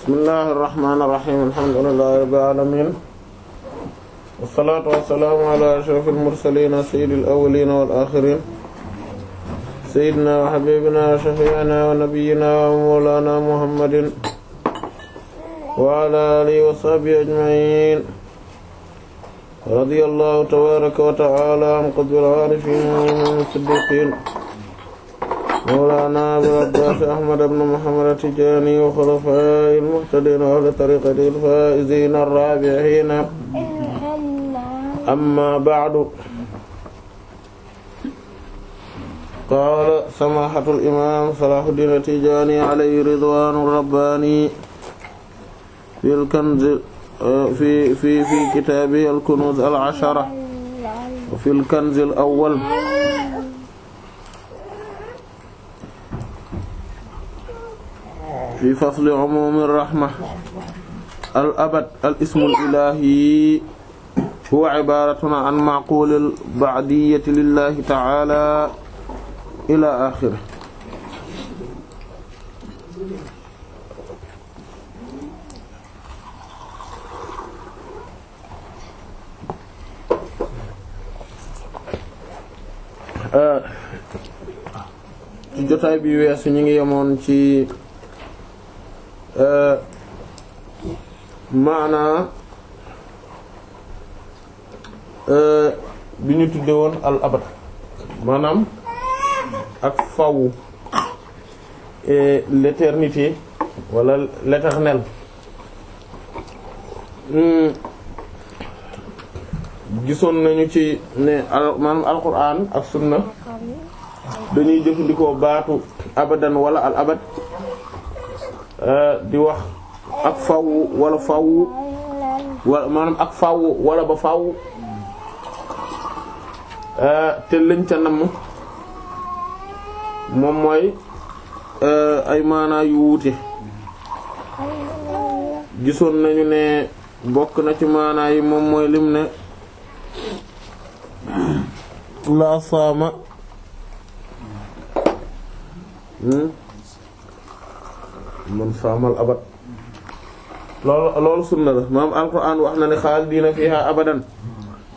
bismillahir rahmanir rahim alhamdulillahi rabbil alamin wassalatu wassalamu ala ashrafil mursalin sayyidil awwalin wal akhirin sayyidina wa habibina wa shafi'ina wa nabiyyina wa mawlana muhammadin wa ala alihi wa sahbihi ajma'in radiyallahu tabaraka wa ta'ala an qudwil arifin siddiqin مولانا أبي العباس أحمد بن محمد التجاني وخلفاء المهتدين وأهل طريقة الفائزين الرابحين أما بعد قال سماحة الإمام صلاح الدين التجاني عليه رضوان رباني في الكنز في في في كتابه الكنوز العشرة وفي الكنز الأول fi fasli umumi rahma al abad al ismul ilahi huwa ibaratuna an maqulil ba'diyati ta'ala ila akhir euh, ñu ngi ci Euh, maanaa euh, bi ñu tudde woon al abad maanaam ak faw et l'éternité wala l'éternel hmm. gisoon nañu ci ne maanaam alquran ak sunna dañuy jëfandikoo baatu abadan wala al abad Euh, di wax ak faw wala faw wala maanaam ak faw wala ba faw euh, te lañ ca namm moom mooy euh, ay maanaa yu wuute gisoon nañu ne bokk na ci maanaa yi moom mooy lim ne laa saama hmm? man faamal abad loolu loolu sunna la maam alquran wax na ne xaalidina fiha abadan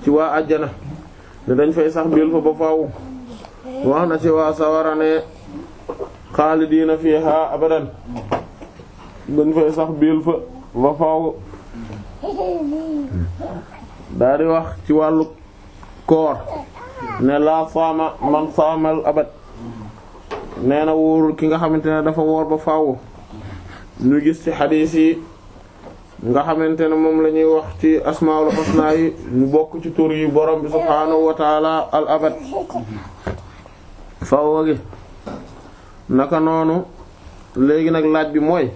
ci waa àjjana dañ fay sax biil ba faaw wax na ci waa sawara ne dañ fay sax biil fa ba faaw daa di wax ci wàllu koor ne laa saama man saamal abad nee na wóorul ki nga xamante ne dafa woor ba faaw ñu gis ci xadiis yi nga xamante ne moom lañuy wax ci asmaul xusna yi ñu bokk ci tur yi borom bi subhaanahu wa taala al gi naka noonu léegi nag laaj bi mooy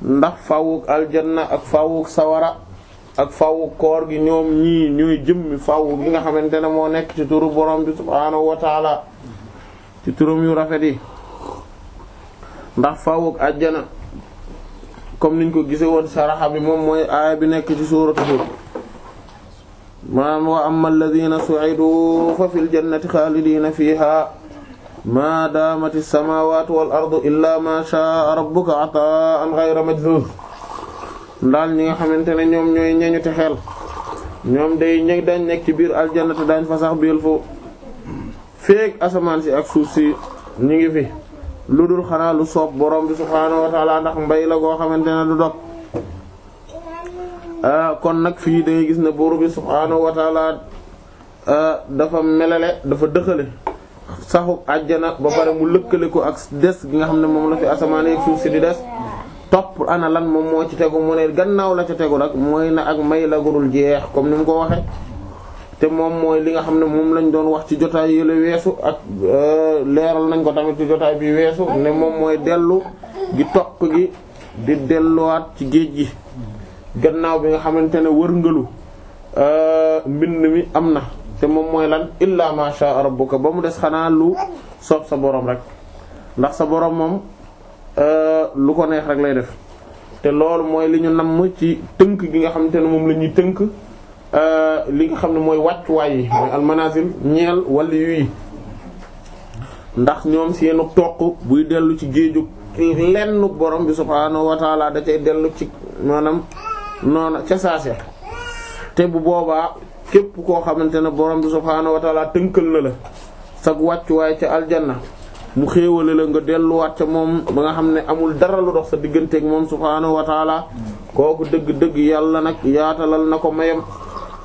ndax fawuk aljanna ak fawuk sawara ak fawuk koor gi ñoom ñii ñooy jëmmi fawu gi nga xamante ne moo nekk ci turu borom bi subhaanahu wa ci turum yu rafet yi ndax fawuk aljanna comme niñ ko gisee woon saraxa bi moom mooy aaya bi nekk ci suuratu Hud maanaam wa amma alladhina su'idu fa fil jannati khalidina ma damati as-samawati wal ardu sha'a rabbuka ata'an ghayra majzuz daal ñi nga xamante ne ñoom ñooy ñeñu te xel ñoom day ñeg dañ nekk ci biir aljannate dañ fa sax biil fu feek asamaan si ak suuf si ñu ngi fi lu dul xanaa lu soob borom bi subhaanahu wa ta'ala ndax mbay la goo xamante ne du dog ah, kon nag fii da gis ne borom bi subhaanahu wa ta'ala ah, dafa melale dafa dëxale saxu àjjana ba pare mu lëkkale ko ak des gi nga xam ne moom la fi asamaan ak suuf si di des topp ana lan moom moo ci tegu mu ne gannaaw la ci tegu nag mooy na ak may la gudul jeex comme ni mu ko waxe te moom mooy li nga xam ne moom lañ doon wax ci jotaay la weesu ak euh, leeral nañ ko tamit ci jotaay bi weesu ne moom mooy dellu gi toq gi di delluwaat ci géej gi gannaaw bi nga xamante ne wërngalu euh, mbind mi am na te moom mooy lan illa ma sha rabbuka ba mu des xanaa lu soob sa borom rek ndax sa borom moom euh, lu ko neex rek lay def te loolu mooy li ñu namm ci tënk gi nga xamante ne moom la ñuy tënk Euh, li nga xam ne mooy wàccuwaay yi mooy almanazil ñeel wàllu yuy ndax ñoom seenu toq buy dellu ci géeju lenn borom bi subhaanahu wa taala da cay dellu ci maanaam noona ca saase te bu boobaa képp koo xamante ne borom bi subhaanahu wa tënkal na la sag wàccuwaay ca aljanna mu xéewale la nga delluwaat ca moom ba nga xam ne amul dara lu dox sa digganteek moom subhaanahu wa kooku dëgg-dëgg yàlla nag yaatalal na ko mayam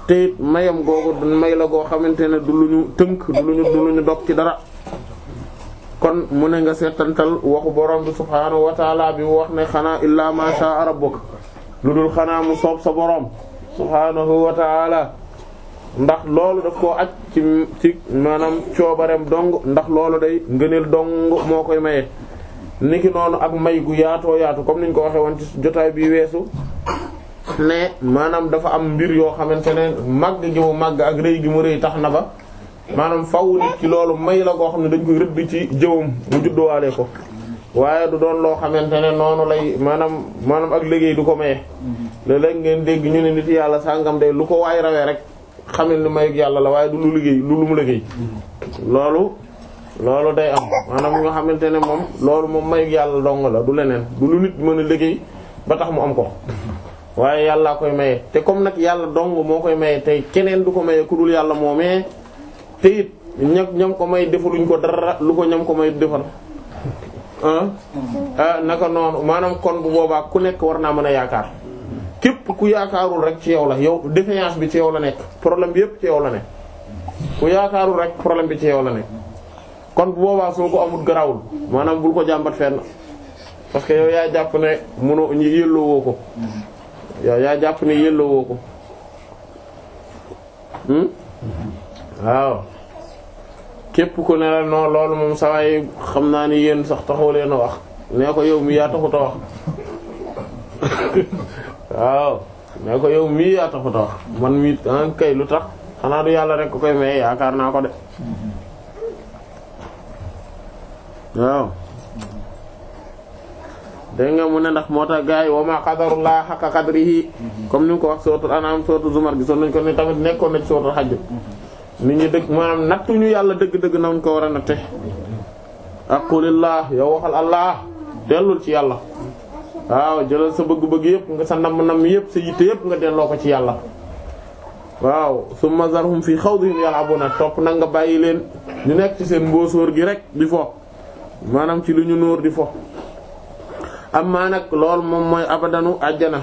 te mayam googu may la goo xamante ne du lu ñu tënk du lu ñu dog ci dara kon mu ne nga seetantal waxu borom bi subhaanahu wa taala bi wax ne xanaa illaa ma shaa rabbuk lu dul xanaa mu soob sa borom subhaanahu wa ndax loolu daf ko aj ci ci maanaam coobareem dong ndax loolu day ngëneel dong moo koy maye niki noonu ak may gu yaatoo yaatu comme niñ ko waxee woon ci jotaay bi weesu ne maanaam dafa am mbir yoo xamante ne màgg gi mu màgg ak rëy gi mu rëy tax na ba maanaam faaw nit ki loolu may la koo xam ne dañ koy rëdd ci jëwam mu judduwaale ko waaye du doon loo xamante ne noonu lay maanaam maanaam ak liggéey du ko maye. léeg-léeg ngeen dégg ñu ne nit yàlla sàngam day lu ko waay rawee rek xamil ni may yàlla la waaye du lu liggéey lu lu mu liggéey loolu. loolu day am maanaam ñoo xamante ne moom loolu moom mayu yàlla dong la du leneen du mën a liggéey ba mu am ko waaye yàllaa koy maye te comme nag yàlla dong moo koy maye tey keneen du ko maye ku dul yàlla moomee te it ña ñam ko may defaluñ ko dara lu ko ñam ko may defal mm-hmm. ah naka noonu maanaam kon bu boobaa ku nekk war naa mën a yaakaar képp ku yaakaarul rek ci yow la yow défiance bi ci yow la nekk problème bi yëpp ci yow la nekk ku yaakaarul rek problème bi ci yow la kon bu boobaa soo ko amul garaawul maanaam bul ko jàmbat fenn parce que yaa jàpp ne mënoo ñu yëlloo woo ko mm-hmm. yow yaa jàpp ne yelloo woo ko hmm? waaw képp ku ne la loolu moom sawaay xam naa ni yéen sax taxoo leen a wax ne ko yow mii yaa taxut a wax ko yow mii man mii an ah, kay lu tax xanaa du yàlla rek ko koy may yaakaar naa ko de waaw dégg nga mu ne ndax moo tax gaa yi wa ma qadarullah haqqa qadrihi mhm. comme ni ko wax sootul anam sootul zumar gisoon nañ ko ni tamit nekkoon na ci sootul xajj mhm. nit ñi dëgg maanaam yàlla dëgg-dëgg nañ ko war a natte aqulillah yow waxal allah dellul ci yàlla waaw jëlal sa bëgg-bëgg yëpp nga sa namm-namm yëpp sa yitte yëpp nga delloo ko ci yàlla waaw summa zarhum fii xawdihim yal'abuna topp nag nga bàyyi leen ñu nekk ci seen mboosóor gi rek di fo maanaam ci lu ñu nóor di fo amma nag lool moom mooy abadanu àjjana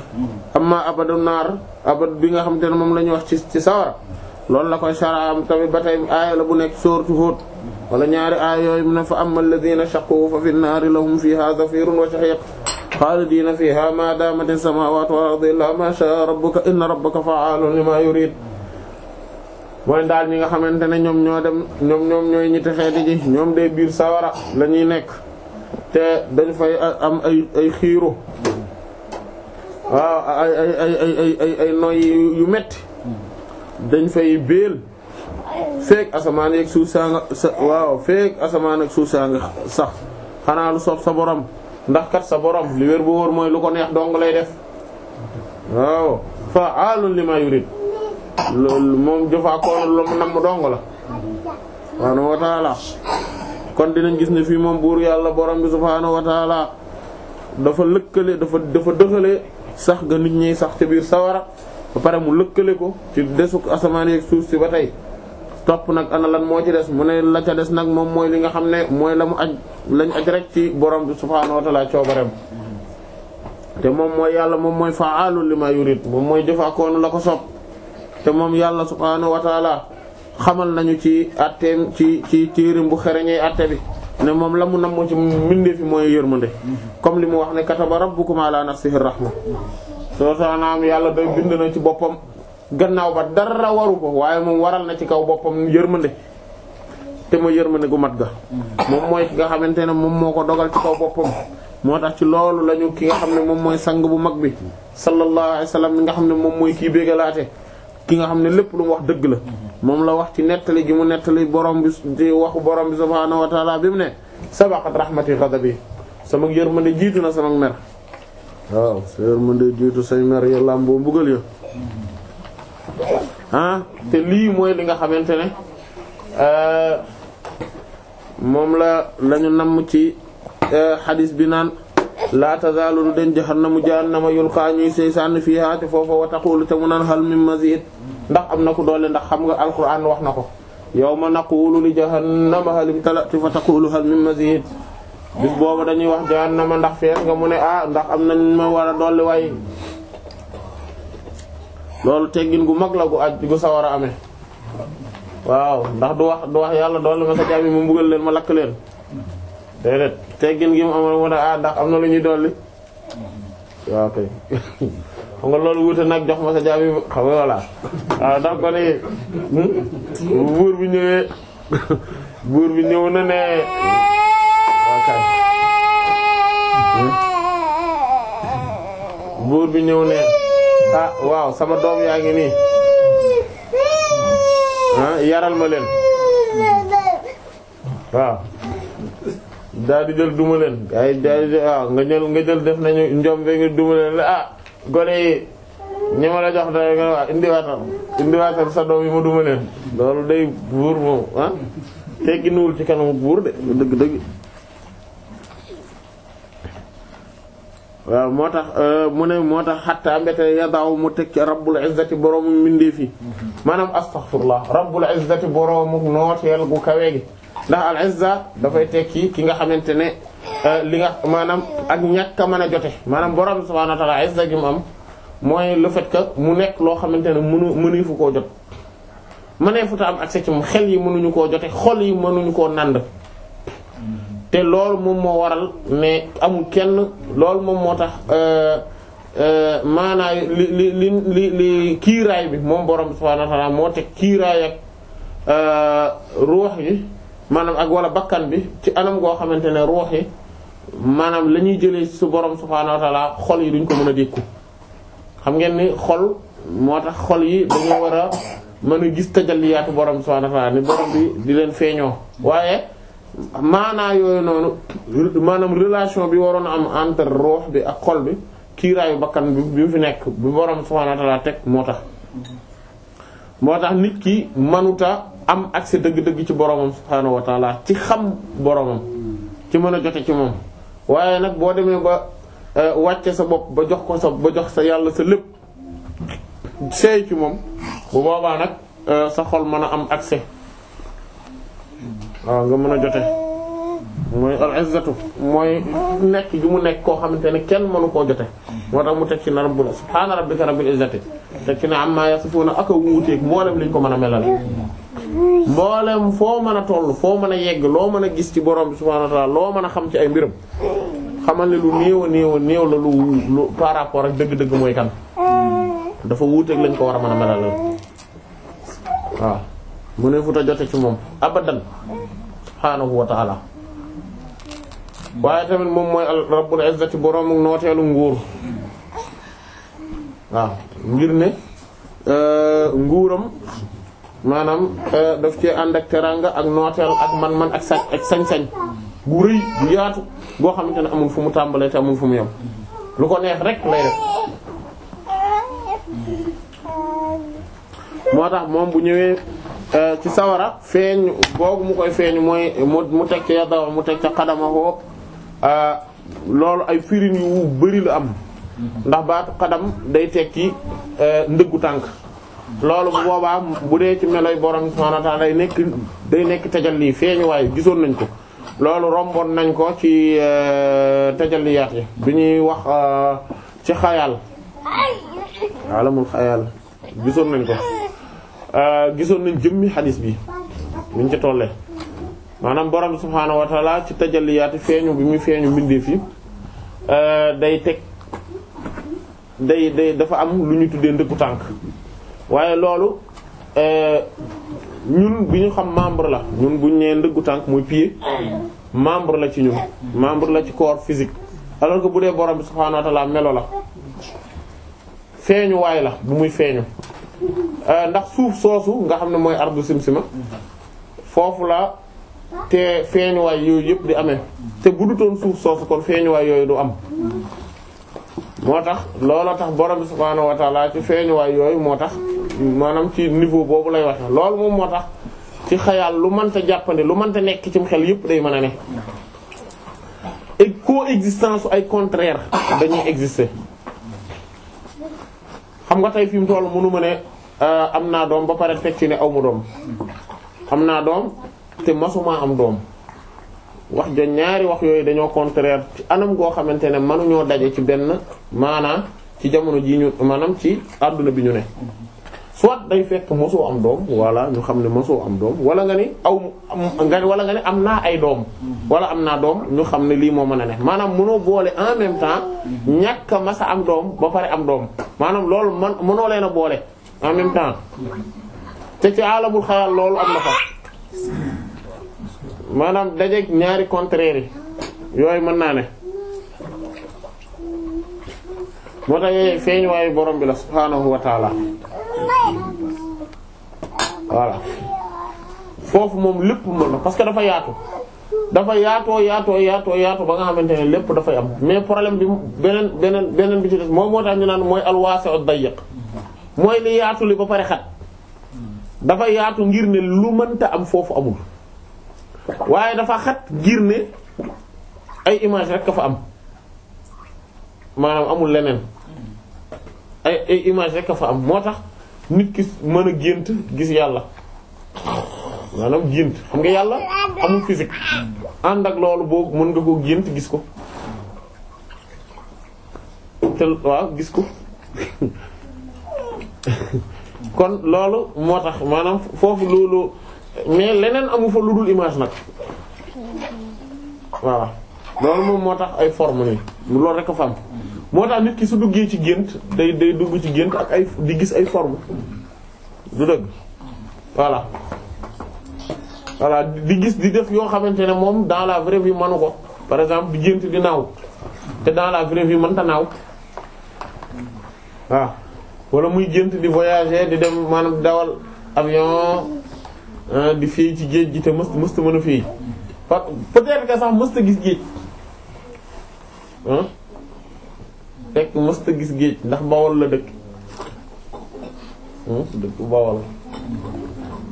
amma abadu naar abad bi nga xamante ne moom la wax ci ci sawara loolu la koy saraam tamit ba tey aaya la bu nekk sóortu Hud wala ñaari aaya yooyu na ne fa amma alladhina shaqu fa fi naari lahum fiha zafirun wa shahiq xaalidina fiha ma damat as-samawatu wal ardu illa ma sha rabbuka inna rabbaka fa'alun lima mooy daal ñi nga xamante ne ñoom ñoo dem ñoom ñoom ñooy ñi texee di ji ñoom de biir sawara la ñuy nekk te dañ fay ay ay xiiro waaw ay ay ay ay yu metti dañ fay béel feek asamaan yeeg suuf saa nga sa waaw feek asamaan ak suuf sax xanaa lu soob sa borom ndax kat sa borom li wér bu wóor mooy lu ko neex dong lay def waaw fa'aalun limaa yuriid loolu moom jëfaa koon lu mu namm dong la subhaanahu wa ta'aala kon dinañ gis ne fii moom buur yàlla borom bi subhaanahu wa taala dafa lëkkale dafa dafa dëxale sax ga nit ñi sax ci biir sawara ba pare mu lëkkale ko ci desuk asamaan yeeg suuf si ba tey topp nag ana lan moo ci des mu ne la ca des nag moom mooy li nga xam ne mooy la mu aj lañ aj rek ci borom bi subhaanahu wa coobareem te moom mooy yàlla moom mooy fa'aalul lima yurid moom mooy jëfaakoonu la ko sopp te moom yàlla subhaanahu wa xamal nañu ci atteem ci ci téerim bu xereñee atte bi ne moom la mu moo ci mbindee fi mooy yërmande comme li mu wax ne kataba rabbukum ala nafsihi rahma soo saanaam yàlla day bind na ci boppam gannaaw ba dara waru ko waaye moom waral na ci kaw boppam yërmande te mooy yërmande gu mat ga moom mooy ki nga xamante ne moom moo ko dogal ci kaw boppam moo tax ci loolu lañu ki nga xam ne moom mooy sang bu mag bi sallallahu alayhi wasallam bi nga xam ne moom mooy kii bégalaate ki nga xam ne lépp lu mu wax dëgg la moom la wax ci nettali gi mu nettali borom bi di waxu borom bi subhaanahu wa bi mu ne sabaqat rahmati ghadabi sama yërmande jiitu na sama mer waaw sa yërmande jiitu say mer ya làmboo mbugal ya ah te lii mooy li nga xamante ne euh, moom la lañu namm ci euh, xadis bi naan laa tazaalu de den jahannamu jahannama yulqaa ñuy sey sànn fiihaa ci foofa wa taqulu te mu naan hal min mazid ndax am na ko doole ndax xam nga alquran wax na ko yawma naqulu li jahannama hal imtala'ti fa taqulu hal min mazid bis boobu dañuy wax jahannama ndax fees nga mu ne ah ndax am nañ ma war a dolli waaye loolu teggin gu mag la gu aj gu sawar a ame waaw ndax du wax du wax yàlla dolli ma sa jaam yi ma leen ma lakk leen déedéet teggin gi mu amoon moo tax ah ndax am na lu ñuy dolli waaw kay loolu wuute nag jox ma sa jaabi xam nga waaw ah, ndax ko ni hmm? buur bi ñëwee buur bi ñëw na ne waaw hmm? bi ñëw ne ah waaw sama doom yaa ngi nii ah, yaral ma leen waaw daal di jël duma leen ay daal ah, nga jël nga jël def nañu njom be nga duma leen la ah gone yi ñi la jox da nga waa indiwaatal indiwaatal sa doom yi ma duma leen loolu day buur moom ah teggi ci kanamu buur de dëgg dëgg waaw moo tax euh, mu ne moo tax xattaa mbete yadaw mu teg ci rabbul izzati boroomu mbindee fi maanaam astaghfirullah rabbul izzati boroomu nooteel gu kawe gi ndax al izza dafay tekki ki nga xamante ne euh, li nga maanaam ak ñàkk a mën a jote maanaam borom subhaanahu wa ta'aala izza gi mu am mooy le fait que mu nekk loo xamante ne mënu mëneefu koo jot mëneefu ta am accès ci xel yi mënuñu koo jote xol yi mënuñu koo nànd te loolu moom moo waral mais amul kenn loolu moom moo tax euh, euh, maanaam li li li li kiiraay bi moom borom subhaanahu wa ta'aala moo teg kiiraay ak ruux yi maanaam ak wala bakkan bi ci anam goo xamante ne ruux yi maanaam la ñuy jëlee su borom subhaanahu wa ta'ala xol yi duñ ko mën a dékku xam ngeen ni xol moo tax xol yi dañoo war a mën a gis tajalliyaatu borom subhaanahu wa ta'ala ni borom bi di leen feeñoo waaye maanaa yooyu noonu maanaam relation bi waroon a am entre ruux bi ak xol bi kiiraayu bakkan bi bi fi nekk bi borom subhaanahu wa teg moo tax moo tax nit ki manuta am accès dëgg-dëgg ci boromam subhaanahu wa taala ci xam boromam ci mën a jote ci moom waaye nag boo demee ba euh, wàcce sa bopp ba jox ko sa ba jox sa yàlla sa lépp seey ci moom bu boobaa nag euh, sa xol mën a am accès waaw nga mën a jote mooy al izzatu mooy nekk ju mu nekk koo xamante ne kenn mënu koo jote moo tax mu teg ci na rabbul subhaana rabbika rabbil izzati teg ci ne amma yasifuna ak a wuuteeg moo dem liñ ko mën a melal mboolem foo mën a toll foo mën a yegg loo mën a gis ci borom bi subhaanahu wa loo mën a xam ci ay mbiram xamal ne lu néew a néew la lu par rapport ak dëgg-dëgg mooy kan dafa wuuteeg lañ ko war a mën a melal waaw mu ne fut ta jote ci moom abadan subhaanahu wa moom mooy rabbul izzati borom nooteelu nguur waaw ngir ne euh, nguuram maanaam euh, daf cee ànd ak teranga ak nooteel ak man-man ak sañ ak sañ-sañ bu rëy bu yaatu boo xamante ne amul fu mu tàmbalee te amul fu mu yem lu ko neex rek lay def moo tax moom bu ñëwee euh, ci sawara feeñ boobu mu koy feeñ mooy mu teg ca yadaw mu teg ca xadamawoo euh, loolu ay firin yu bëri la am ndax baatu xadam day tekki ndëggu tànk loolu boobaa bu dee ci meloy borom subhaanahu wa nekk day nekk tajalli feeñu waaye gisoon nañ ko loolu romboon nañ ko ci euh, tajalliyaat yi bi ñuy wax euh, ci xayaal alamul xayaal gisoon nañ ko euh, gisoon nañ jëmmi xadis bi buñ ca tollee maanaam borom subhaanahu wa ta'aala ci tajalliyaat feeñu bi muy feeñu mbindeef yi day teg day day dafa am lu ñu tuddee ndëggu tànk waaye loolu euh, ñun bi ñu xam membre la ñun bu ñu nee ndëggu tànk muy pied membre la ci ñun membre la ci corps physique alors que bu dee borom bi subhaanahu wa melo la feeñu la bu muy feeñu euh, ndax suuf soosu nga xam ne mooy ardu simsima foofu la te feeñuwaay yooyu yëpp di ame te bu dutoon suuf soosu kon feeñuwaay yooyu du am moo tax looloo tax borom bi subhaanahu wa ci feeñuwaay yooyu moo tax maanaam ci niveau boobu lay waxe loolu moom moo tax ci xayaal lu mënta jàppandi lu mënta nekk cim xel yépp day mën a ne et coexistence ay contraire dañuy exister xam nga tey fi mu toll mënu ma ne euh, am naa doom ba pare fekk ci ne aw ma doom am naa doom te masuma am doom wax ja ñaari wax yooyu dañoo contraire ci anam goo xamante ne ñoo daje ci benn maanaam ci jamono ji ñu maanaam ci àdduna bi ñu ne soit day fekk mosoo am doom wala ñu xam ne mosoo am doom wala nga ni aw nga wala nga ni am naa ay doom wala am naa doom ñu xam ne lii moo mën a ne maanaam mënoo boole en même temps ñàkk am doom ba pare am doom maanaam loolu man mënoo leen a boole en même temps te ci alamul xayal loolu am na maanaam dajeeg ñaari contraire yi yooyu mën naa ne moo tax yooyu feeñ waayu borom bi la subhaanahu wa voilà foofu moom lépp noonu parce que dafa yaatu dafa yaatoo yaatoo yaatoo yaatoo ba nga xamante ne lépp dafay am mais problème bi beneen beneen beneen bi ci des moom moo tax ñu naan mooy alwaasi'u ad-dayyiq mooy li yaatu li ba pare xat dafa yaatu ngir ne lu mënta am foofu amul waaye dafa xat ngir ne ay image rek ka fa am maanaam amul leneen ay ay image rek ka fa am moo tax. nit ki mën a gént gis yàlla maanaam gént xam nga yàlla amul physique ànd ak loolu boo mën nga ko gént gis ko te waaw gis ko kon loolu moo tax maanaam foofu loolu mais leneen amu fa lu dul image nag voilà loolu moom moo tax ay forme ni loolu rek a fa am moo tax nit ki su duggee ci gént day day dugg ci gént ak ay di gis ay forme du dëgg voilà voilà di gis di def yoo xamante ne moom dans la vraie vie manu ko par exemple di gént di naaw te dans la vraie vie mënta naaw waaw wala muy gént di voyager di dem maanaam dawal avion di fii ci géej gi te mës mësta mën a fii peut-être que sax mësta gis géej fekk mësta gis géej ndax bawol la dëkk hmm? dëkk bawol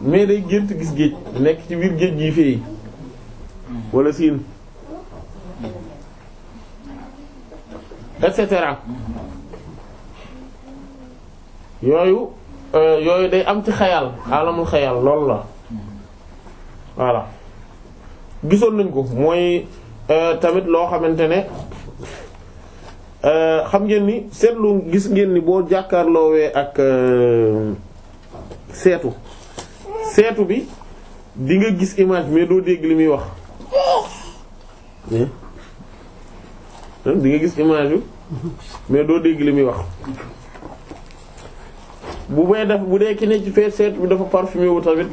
mais day gént gis géej nekk ci biir géej gi fii walla siin et cetera yooyu euh, yooyu day am ci xayal alamul xayal loolu la voilà gisoon nañ ko mooy euh, tamit loo xamante ne Euh, xam ngeen ni seetlu gis ngeen ni boo jàkkaarloowee ak euh, seetu seetu bi di nga gis image mais doo dégg li muy wax di nga gis image bi mais doo dégg li muy wax bu may def bu dee ki ne ci fee bi dafa parfumé tamit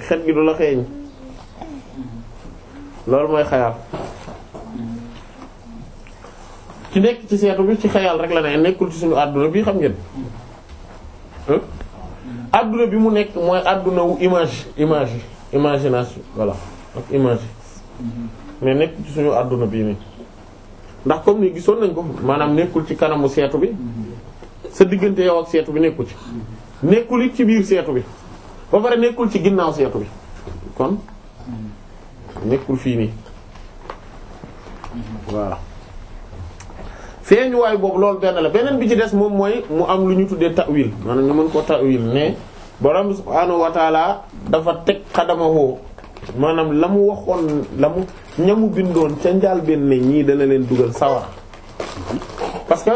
xet gi du la xeeñ loolu mooy xayaat ci nekk ci seetu bi ci xayal rek la ne nekkul ci suñu àdduna bi xam ngeen àdduna bi mu nekk mooy àdduna wu image image imagination voilà ak image mais nekk ci suñu àdduna bii nii ndax comme ni nañ ko maanaam nekkul ci kanamu seetu bi sa diggante yow ak seetu bi nekkul ci nekkul it ci biir seetu bi ba pare nekkul ci ginnaaw seetu bi kon nekkul fii nii voilà feeñuwaay boobu loolu benn la beneen bi ci des moom mooy mu am lu ñu tuddee ta'wil maanaam ñu mën koo ta'wil ne borom subhaanahu wa taala dafa teg xadamawoo maanaam la mu waxoon la mu ñamu bindoon ca njaal benn ñii dana leen dugal sawara parce que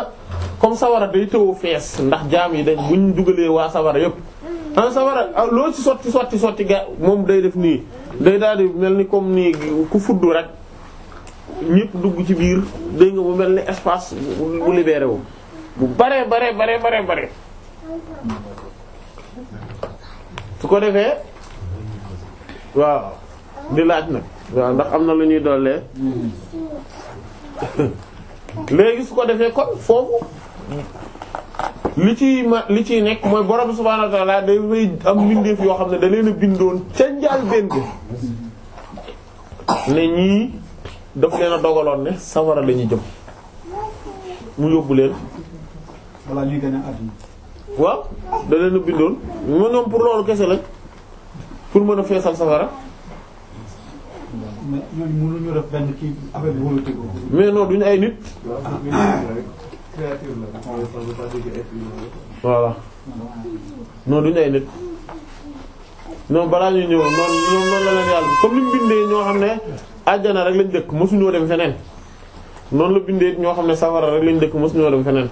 comme sawara day tëw fees ndax jaam yi dañ buñ dugalee waa sawara yépp en ah sawara ah loo ci sotti sotti sotti ga moom day def nii day daal di mel ni comme nii ku fudd rek ñëpp dugg ci biir dégg nga bu mel ni espace bu libéré wu bu bare bare bare bare su ko defee waaw di laaj nag waaw ndax am na lu ñuy dollee léegi su ko defee kon foofu li ciy ma li ciy nekk mooy borom subhaanahu wa ta'aala am mbindeef yoo xam ne da leen a bindoon ca njaal benn ne ñii daf leen a dogaloon ne sawara lañuy ñu jëm mu yóbbu leen. balaa waaw da a bindoon ma pour loolu kese lañ pour mën a feesal safara. mais ñooñu mënuñu def benn kii affaire bi wóolu ay nit. voilà non duñu ay nit. ñoom balaa ñuy ñëw noonu ñoom noonu la yàlla comme ni bindee ñoo xam ne àjjana rek lañ dëkk mosuñoo dem feneen noonu la bindee ñoo xam ne safara rek lañ dëkk mosuñoo dem feneen.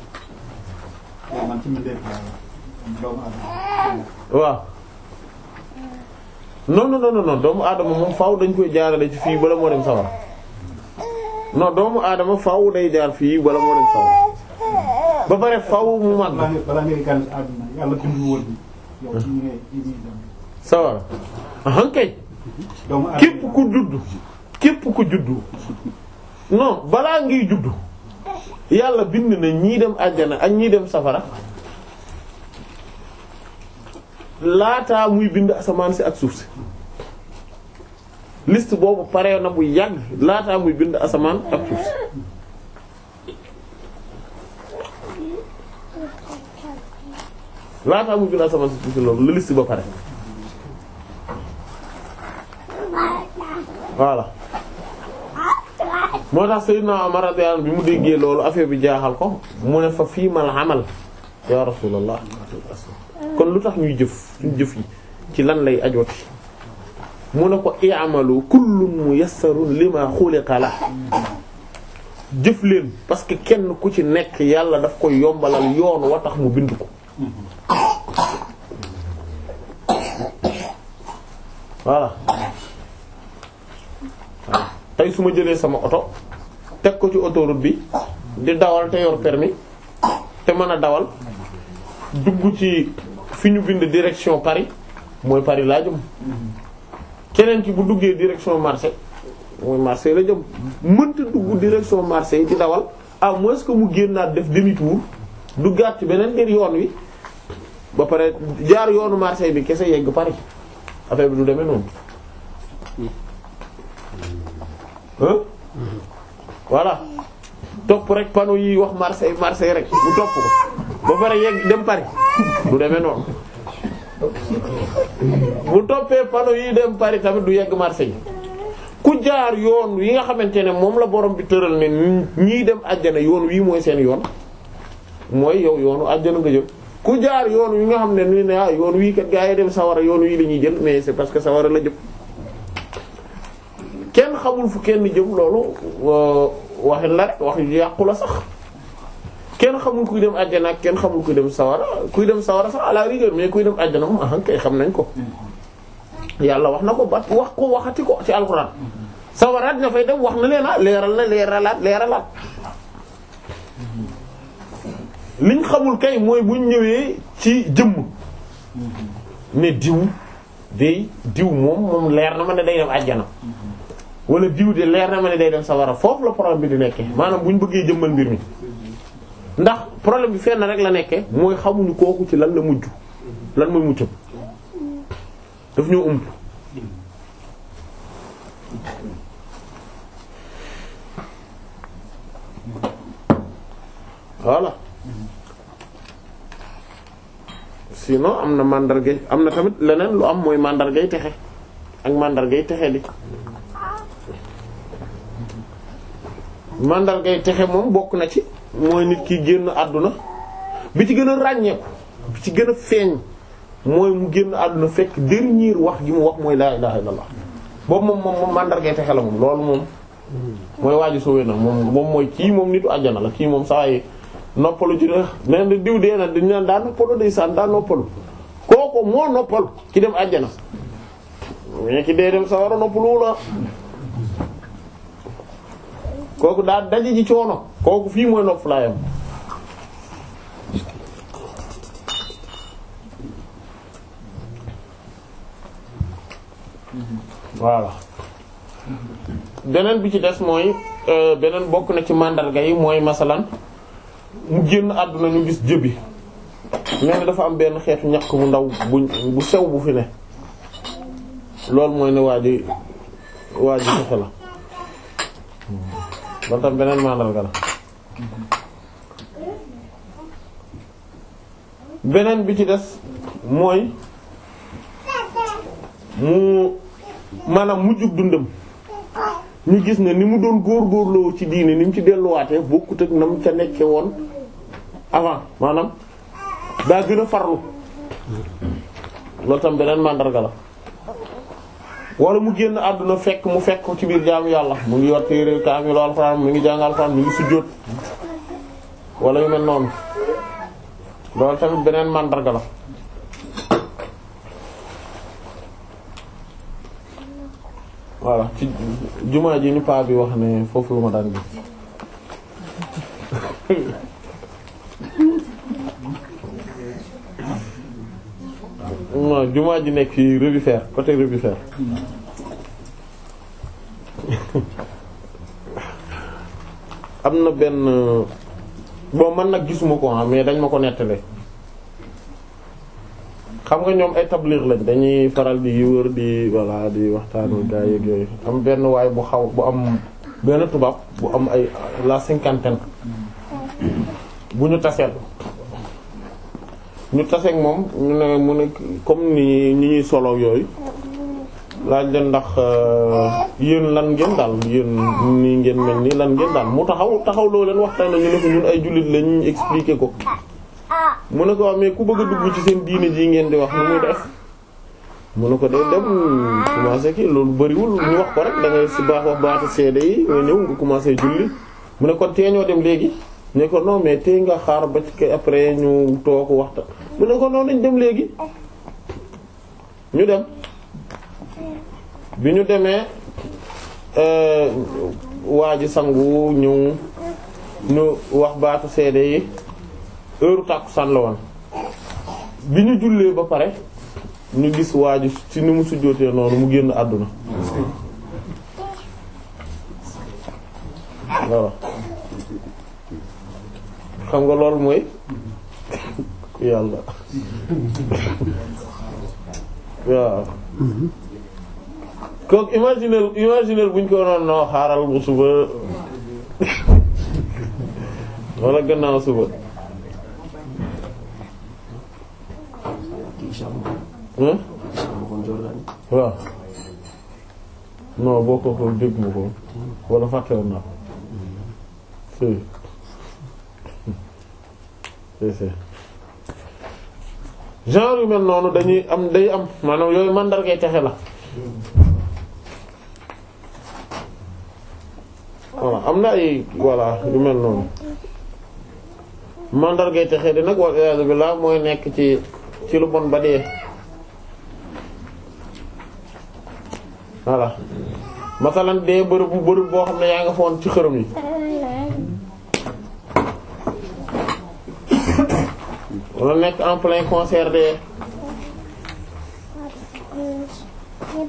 waaw non non doomu aadama moom dañ koy jaarale ci fii bala moo dem safara non doomu aadama faaw day jaar fii bala moo dem safara ba pare faaw mu màgg. sawara hankay ah, képp ku juddu képp ku juddu non balaa ngiy juddu yàlla bind na ñii dem àjjana ak ñii dem safara laataa muy bind asamaan si ak suuf si list boobu paree na bu yàgg laataa muy bind asamaan ak suuf si laataa muy bind asamaan si suuf si loolu la ba pare voilà moo tax Seydina Umar radiyallahu anhu bi mu déggee loolu affaire bi jaaxal ko mu ne fa fii amal ya Rasulullah kon lu tax ñuy jëf suñu jëf yi ci lan lay ajooti mu ne ko amalu kullun muyassarun lima xuliqa la jëf leen parce que kenn ku ci nekk yàlla daf ko yombalal yoon wa tax mu bind ko voilà Ah. tey su ma jëlee sama oto teg ko ci autoroute bi di dawal te yor permis te mën a dawal dugg ci fi ñu bind direction Paris mooy Paris laa jëm keneen ki bu duggee direction Marseille mooy Marseille la jëm mënta dugg direction Marseille di dawal à moins que mu génnaat def demi-tour du gàtt beneen ngir yoon wi ba pare jaar yoonu Marseille bi kese yegg Paris affaire bi du demee noonu voilà topp rek panneau yi wax Marseille Marseille rek bu topp ko ba pare yegg dem Paris du demee noonu bu toppee panneau yi dem Paris tamit du yegg Marseille ku jaar yoon yi nga xamante ne moom la borom bi tëral ne ñii dem àjjana yoon wii mooy seen yoon mooy yow yoonu àjjana nga jël ku jaar yoon yi nga xam ne ni ne ah yoon wii kat gaa yi dem sawara yoon wii la ñuy jël mais c'est parce que sawara la jëm xamul fu kenn jëm loolu euh, waxin la rek wax yu yàqu la sax kenn xamul kuy dem àjjana ak kenn xamul kuy dem sawara kuy dem sawara sax à la rigueur kuy dem àjjana moom ah xam nañ ko. yàlla wax na ko ba wax ko waxati ko ci alxuraan. sawara dina dem wax leen ah leeral na leeralaat leeralaat. liñ xamul kay mooy buñ ñëwee ci jëmm. ne diw day diw moom moom leer na ma ne day dem àjjana. wala diw de leer na ma ne day dem sawara foofu la problème bi di nekkee maanaam bu ñu bëggee jëmmal mbir mi ndax problème bi fenn rek la nekkee mooy xamuñu kooku ci lan la mujj lan mooy mujj daf ñoo ump sinon am na mandargay am na tamit leneen lu am mooy mandargay texe ak mandargay texe li màndargay texe moom bokk na ci mooy nit ki génn àdduna bi ci gën a ràññeeku bi ci gën feeñ mooy mu génn àdduna fekk dernier wax gi mu wax mooy laa ilaha illallah boobu moom moom moom màndargay texe la moom loolu moom mooy waaji sowe na moom moom mooy kii moom nitu àjjana la kii moom saa yi noppalu ci neen n diw dee na dañ naan daa noppalu day saan daa noppalu kooku moo noppalu ki dem àjjana mais ki dee dem sawara noppalu la kooku daal daje ji coono kooku fii mooy noppalaayam voilà beneen bi ci des mooy euh, beneen bokk na ci màndarga yi mooy masalan mu génn àdduna ñu gis jëbi mel dafa am benn xeetu ñàkk bu ndaw bu sew bu fi ne loolu mooy ne waa ji waa ji soxe la loolu tam beneen màndarga la beneen bi ci des mooy mu maanaam mujjug dundam ñu gis ne ni mu doon góorgóorloo ci diine ni mu ci delluwaatee bokkut ak na mu ca nekke woon avant maanaam daa gën a farlu loolu tam beneen màndarga la wala mu génn àdduna fekk mu fekk ci biir jaamu yàlla mu ngi yor téere kaamilu alxuraan mu ngi jàng alxuraan mu ngi sujjóot wala yu mel noonu loolu tamit beneen màndarga la voilà ci jumaa ji ni paa bi wax ne foofu la ma daan bi jumaa jumaa ji nekk fii Rubifère côté Rubifère am na benn bon man nag gisuma ko ah mais dañ ma ko nettale xam nga ñoom ay tablir lañ dañuy faral di wër di voilà di waxtaanu gaa yeeg am benn waay bu xaw bu am benn tubaab bu am ay la cinquantaine bu ñu taseel ñu taseeg moom ñu ne mu ne comme ni ñi ñuy solo yooyu laaj leen ndax euh, yéen lan ngeen daal yéen nii ngeen mel nii lan ngeen daal mu taxaw taxaw loo leen waxtaan ñu ne ko ñun ay jullit la ñu expliquer ko mu ne ko wax ah, mais ku bëgg a dugg ci seen diine ji ngeen di wax nu muy def mu ne ko day dem commencé ki loolu bëriwul ñu wax ko rek da si baax wax baatu seede yi nga ñëw nga commencé julli mu ne kon teeñoo dem léegi ne ko non mais tey nga xaar ba ci après ñu toog waxta mu ne ko noonu lañ dem léegi ñu dem bi ñu demee euh, waa ji sangu ñëw ñu wax baatu seede yi heure tàkkusaan la bi ñu jullee ba pare ñu gis waa ji ci ni mu sujjóotee noonu mu génn àdduna waaw xam nga loolu mooy ku yàlla waaw kooku imaginer imaginer buñ ko noon noo xaaral bu suba wala gannaaw suba hmm? waaw non boo ko ko dégg ma ko wala fàttewoon naa ko genre yu mel noonu dañuy am day am maanaam yooyu màndargay texe la voilà am na ay voilà yu mel noonu màndargay texe di nag wal iyaazu mooy nekk ci ci lu bon ba dee voilà masalan dee bërëb bu bërëb boo xam ne yaa nga foon ci xërëm yi wala nekk en plein concert de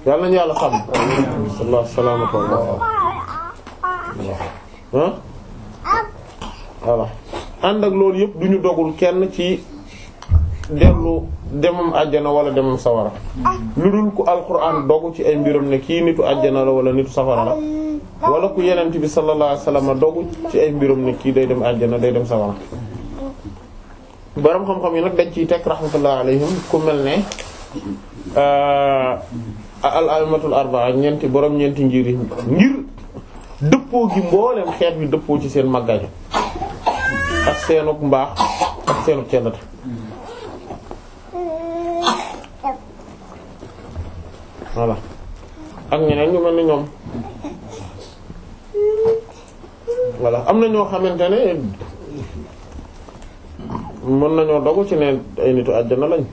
yàlla nañu yàlla xam sallallahu salaamatu wallah voilà ak loolu yëpp duñu dogul kenn ci dellu demam àjjana wala demam sawara lu dul ku alquran dogu ci ay mbiram ne kii nitu àjjana la wala nitu safara la wala ku yenent bi sallallahu alayhi wasallam ci ay mbiram ne kii day dem àjjana day dem sawara borom xam-xam yi nag dañ ciy teg rahmatullah alayhim ku mel ne euh, al arbaa ñeenti borom ñeenti ngir yi dëppoo gi mbooleem xeet bi dëppoo ci seen màggaay ak seenuk mbaax ak seenuk cendata voilà ak ñeneen ñu mel ñoom voilà am na ñoo xamante ne mën nañoo dogu ci ne ay nitu àjjana lañ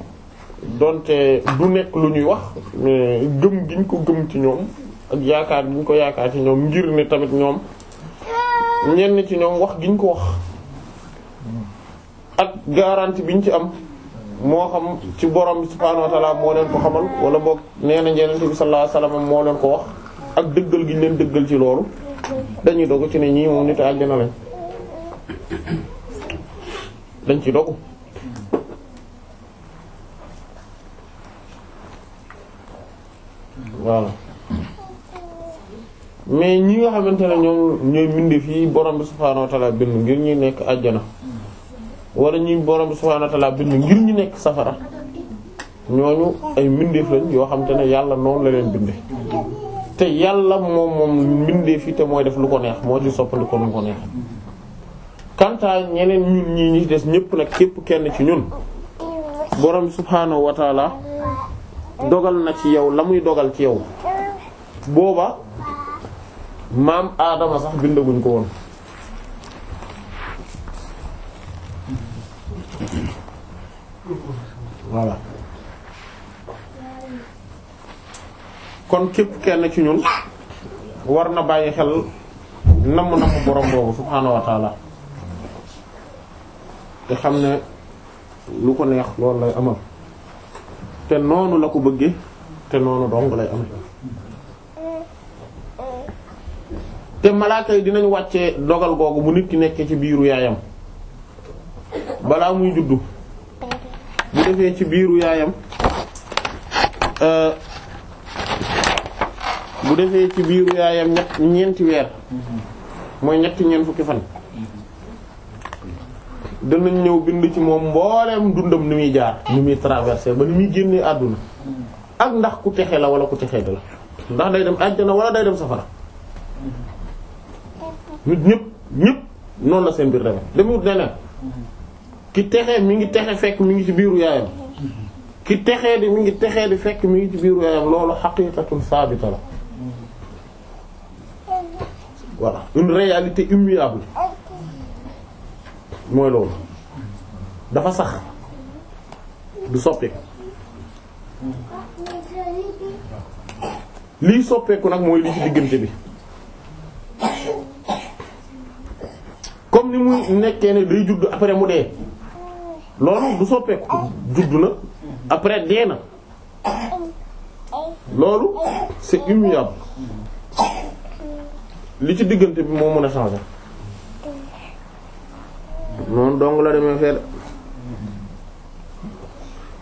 donte du nekk lu ñuy wax mais gëm giñ ko gëm ci ñoom ak yaakaar giñ ko yaakaar ci ñoom ngir ne tamit ñoom ñenn ci ñoom wax giñ ko wax ak garantie biñ ci am moo xam ci borom bi subhaanahu wa moo leen ko wala boog nee na yenente bi sallallahu moo leen ko wax ak dëggal giñ leen dëggal ci loolu dañuy dogu ci lañ dañ ci dogu waaw mais ñi nga xamante ne ñoom ñooy minde fii borom bi subhaanahu wa bind ngir ñu nekk àjjana wala ñi borom bi subhaanahu wa bind ngir ñu nekk safara ñooñu ay mbindeef lañ yoo xam te ne yàlla noonu la leen binde te yàlla moom moom mbindeef yi te mooy def lu ko neex moo ci soppali lu ko neex kanta ñeneen ñun ñii ñi des ñëpp nag képp kenn ci ñun borom subhaanahu dogal na ci yow la muy dogal ci yow booba maam aadama sax bindaguñ ko woon voilà kon képp kenn ci ñun war na bàyyi xel namm namm borom boobu subhaanahu te xam ne lu ko neex loolu lay amal te noonu la ko bëggee te noonu dong lay amee te malaaka yi dinañ wàcce dogal googu bu nit ki nekkee ci biiru yaayam balaa muy juddu bu defee ci biiru yaayam euh, bu defee ci biiru yaayam ñett ñeenti weer mhm. mooy ñetti ñeent fukki fan danañ ñëw bind ci moom mbooleem dundam ni muy jaar ni muy traversé ba ni muy génnee àdduna ak ndax ku texe la wala ku texe da la ndax day dem àjjana wala day dem safara nit ñëpp ñëpp noonu la seen biir demee demut neneen ki texe mi ngi texe fekk mu ngi ci biiru yaayam ki texee di mi ngi texee di fekk mi ngi ci biiru yaayam loolu xaqiiqatun saabita la voilà une réalité immuable mooy loolu dafa sax du soppeeku liy soppeeku nag mooy li ci diggante bi comme ni muy nekkee ne day judd après mu dee loolu du soppeeku juddu na après dee na loolu c'est immuable li ci diggante bi moo mën a changer. noonu dong la demee fee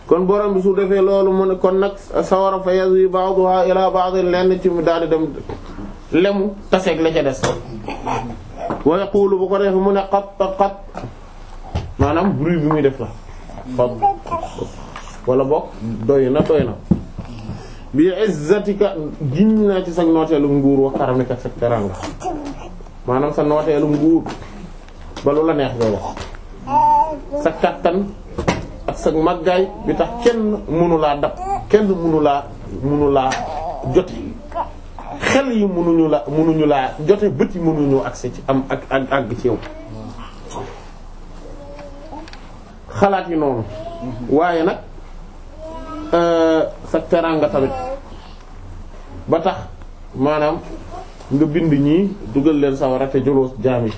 kon borom bi su defee loolu mu ne kon nag sawara fa yazwi ba'daha ila ba'd lenn ci mu daal di dem lemu taseeg la ca des wa yaqulu bu ko defee mu ne xat xat maanaam bruit bi muy def la xat wala bokk doy na doy na bi izzatika giñ naa ci sa nooteelu nguur wa karamika sa teraanga maanaam sa nooteelu nguur ba lu la neex ngay sa kàttan ak sa màggaay bi tax kenn mënulaa dab kenn mënulaa mënulaa jote xel yi mënuñu la mënuñu laa jote bët yi mënuñu accès ci am ak ak àgg ci yow xalaat yi noonu waaye nag euh, sa teraanga tamit ba tax maanaam nga bind ñii dugal leen sawara te jëloo jaam yi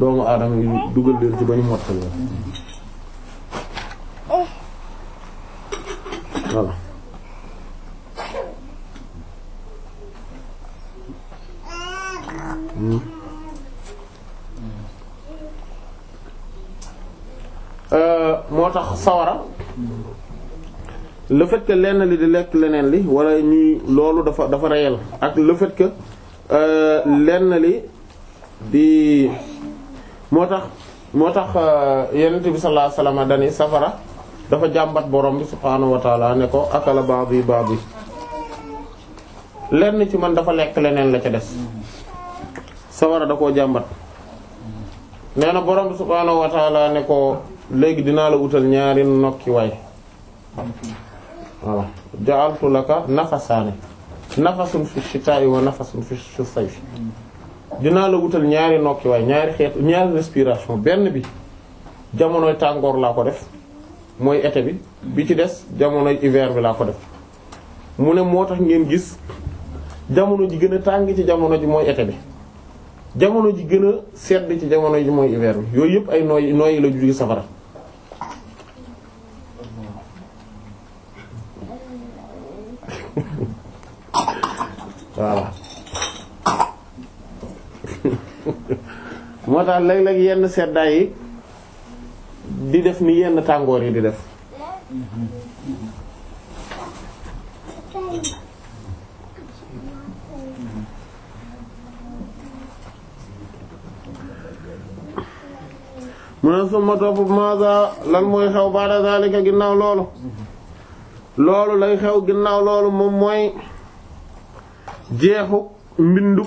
doomu aadama yi dugal leen ba ñu mottali hmm. euh, moo tax sawara le fait que lenn li di lekk leneen li wala ñuy loolu dafa dafa réel ak le fait euh, lenn li di moo tax moo tax euh, yonent bi sallallahu alayhi wasallam dani safara dafa jàmbat borom bi subhaanahu wa taala ne ko akala baab yi lenn ci man dafa lekk leneen la ca des safara da koo jàmbat nee na borom bi subhaanahu wa ne ko léegi dinaa la wutal ñaari nokki waay waaw ja'altu laka nafasaani nafasun fi shitaa'i wa nafasun fi sayf dinaa la wutal ñaari nokki waaye ñaari xeetu ñaari respiration benn bi jamonoy tàngoor laa ko def mooy été bi bi ci des jamonoy hiver bi laa ko def mu ne moo tax ngeen gis jamono ji gën a tàng ci jamono ji mooy été bi jamono ji gën a sedd ci jamono ji mooy hiver bi yooyu yëpp ay nooy nooyi la jugi safara waaw moo tax léeg-léeg yenn seddaay yi di def ni yenn tàngoor yi di def mu ne suma topp maasa lan mooy xew baada zalika ginnaaw loolu loolu lay xew ginnaaw loolu moom mooy jeexu mbindu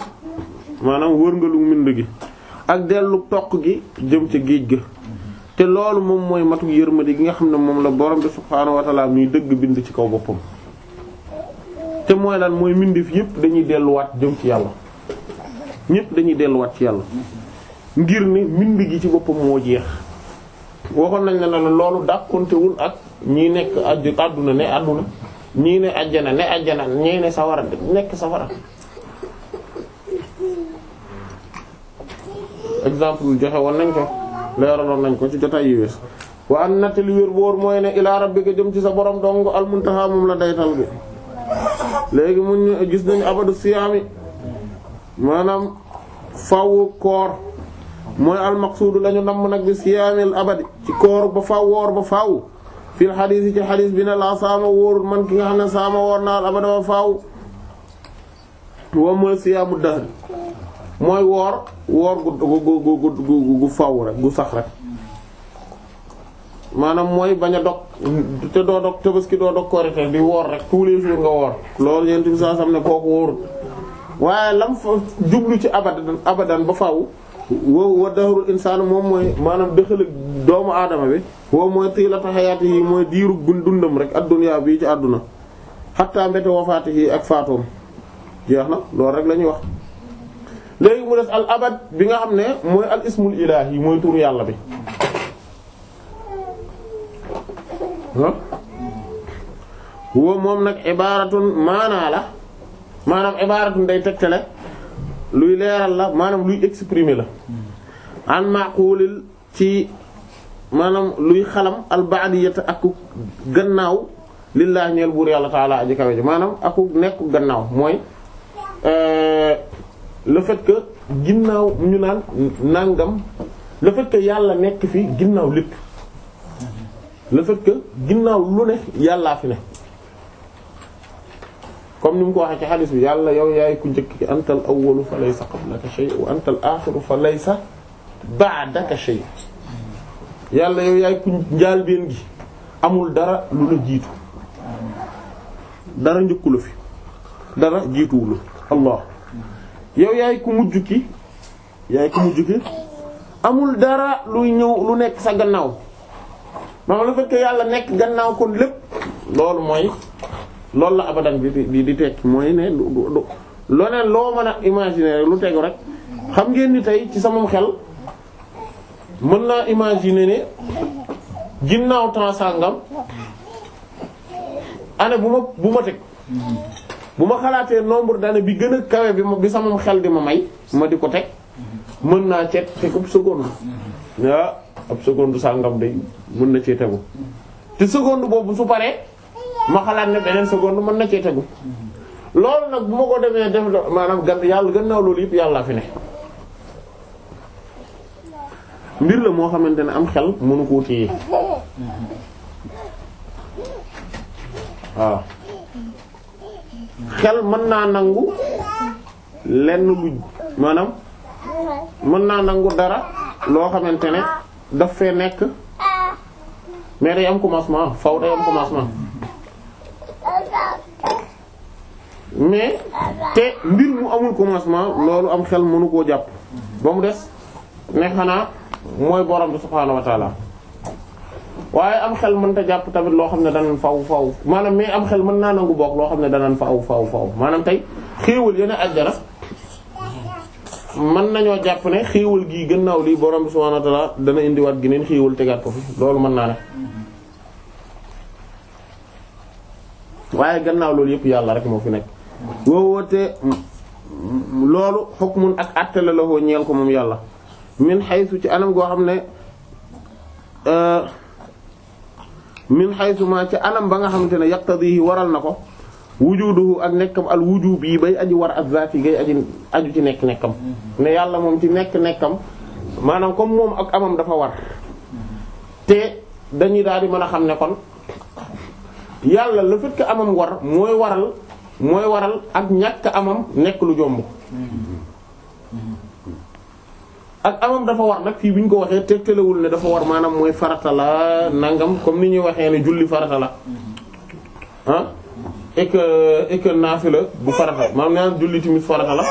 maanaam wërngalu mbind gi ak dellu toq gi jëm ca géej ga te loolu moom mooy matu yërmande gi nga xam ne moom la borom bi subhaanahu wa ta'ala muy dëgg bind ci kaw boppam te mooy lan mooy mbindeef yépp dañuy delluwaat jëm ci yàlla ñépp dañuy delluwaat ci yàlla ngir ne mbind gi ci boppam moo jeex waxoon nañ la ne loolu dàqontewul ak ñi nekk àdduna ne àdduna ñii ne àjjana ne àjjana ñii ne sawara nekk sawara exemple joxe woon nañ ko leeraloon nañ ko ci jotaay yi wees wa an natt li wér mooy ne ilaa rabbika jëm ci sa borom dong almuntaha moom la daytal bi léegi mun gis nañu abadu siyaami maanaam faw koor mooy almaqsuudu lañu namm nag bi siyaamil abadi ci koor ba faw woor ba faw fii xadiis yi ci xadiis bi ne laa saama wóorul man ki nga xam ne saama woor naa al abada ba faw wa mooy siyaamu dahri mooy woor woor gu gu gu gu gu faw rek gu sax rek maanaam mooy bañ a dog te doo dog tabaski doo dog korite di woor rek tous les nga woor loolu yéen tamit saa sam ne kooku wóorul waaye lam fa jublu ci abadan abadan ba faw wa wa dahrul insaan moom mooy maanaam dëxal doomu aadama bi wow mooy tiilata xayaati yi mooy diiru gun dundam rek addunyaa bii ci àdduna xattaa mbete wafaati yi ak faatoom jeex na loolu rek lañuy wax léegi mu des al abad bi nga xam ne mooy al ismul ilaahi mooy turu yàlla bi huwa moom nag ibaratun maanaa la maanaam ibaratun day tegtale luy leeral la maanaam luy exprimer la an maqulil ci maanaam luy xalam al ba'diyata ak gannaaw lillaahi ñeel buur yàlla taala aji ji maanaam aku nekku gannaaw mooy euh, le fait que ginnaaw ñu naan nangam le fait que yàlla nekk fi ginnaaw lépp le fait que ginnaaw lu ne yàllaa fi ne comme ni mu ko waxee ci xadis bi yàlla yow yaay ku njëkk ki antal awwalu fa laysa qablaka shay wa antal axiru shay yàlla yow yaay ku njaalbeen gi amul dara lu la jiitu dara njëkku fi dara jiituwu jiituwul allah yow yaay ku mujj ki yaay ku mujj ki amul dara luy ñëw lu nekk sa gannaaw maanaam le fekk yàlla nekk gannaaw kon lépp loolu mooy loolu la abadan bi di di tekki mooy ne du du loo man a imaginer lu tegu rek xam ngeen ni tey ci sama xel mën naa imaginer ne ginnaaw temps sàngam année bu ma bu ma teg. bu ma xalaatee nombre d'années bi gën a kawe bi ma bi sama xel di ma may ma di ko teg mën naa ceeg teg ab seconde ah ab seconde sàngam day mën na cee te seconde boobu su paree ma xalaat ne beneen seconde mën na cee loolu nag bu ma ko demee def maanaam gan yàlla gannaaw loolu yëpp yàlla fi ne mbir la moo xamante ne am xel mënu koo téye waaw xel mën naa nangu lenn lu maanaam mën naa nangu dara loo xamante ne daf fee nekk mais day am commencement faw day am commencement mais te mbir mu amul commencement loolu am xel mënu koo jàpp ba mu des ne xanaa mooy borom bi subhaanahu wa waaye am xel mën ta jàpp tamit loo xam ne danan faw faw maanaam mais am xel mën naa nangu bokk loo xam ne danan faw faw faw maanaam tey xéewal yene àjjana mën nañoo jàpp ne xéewal gii gannaaw lii borom bi subhaanahu wa dana indiwaat geneen xéewal tegaat ko fi loolu mën naa ne waaye gannaaw loolu yëpp yàlla rek moo fi nekk woowoote loolu hukmun ak àtte la la ñeel ko moom yàlla min haythu ci anam goo xam ne euh, min xaysuma ci anam ba nga xamante ne yaqtadihi waral na ko wujuduhu ak nekkam al wujub yi bay aji war ak zaati gay aji aju ci nekk nekkam ne yàlla moom ci nekk nekkam maanaam comme moom ak amam dafa war te dañuy daal di mën a xam ne yàlla le fait que amam war mooy waral mooy waral ak ñàkk amam nekk lu jomb ak amam dafa war nag fii bu ñu ko waxee tegtalewul ne dafa war maanaam mooy farata la nangam comme ni ñuy waxee ne julli farata la ah et que bu farata maanaam naan julli tamit farata la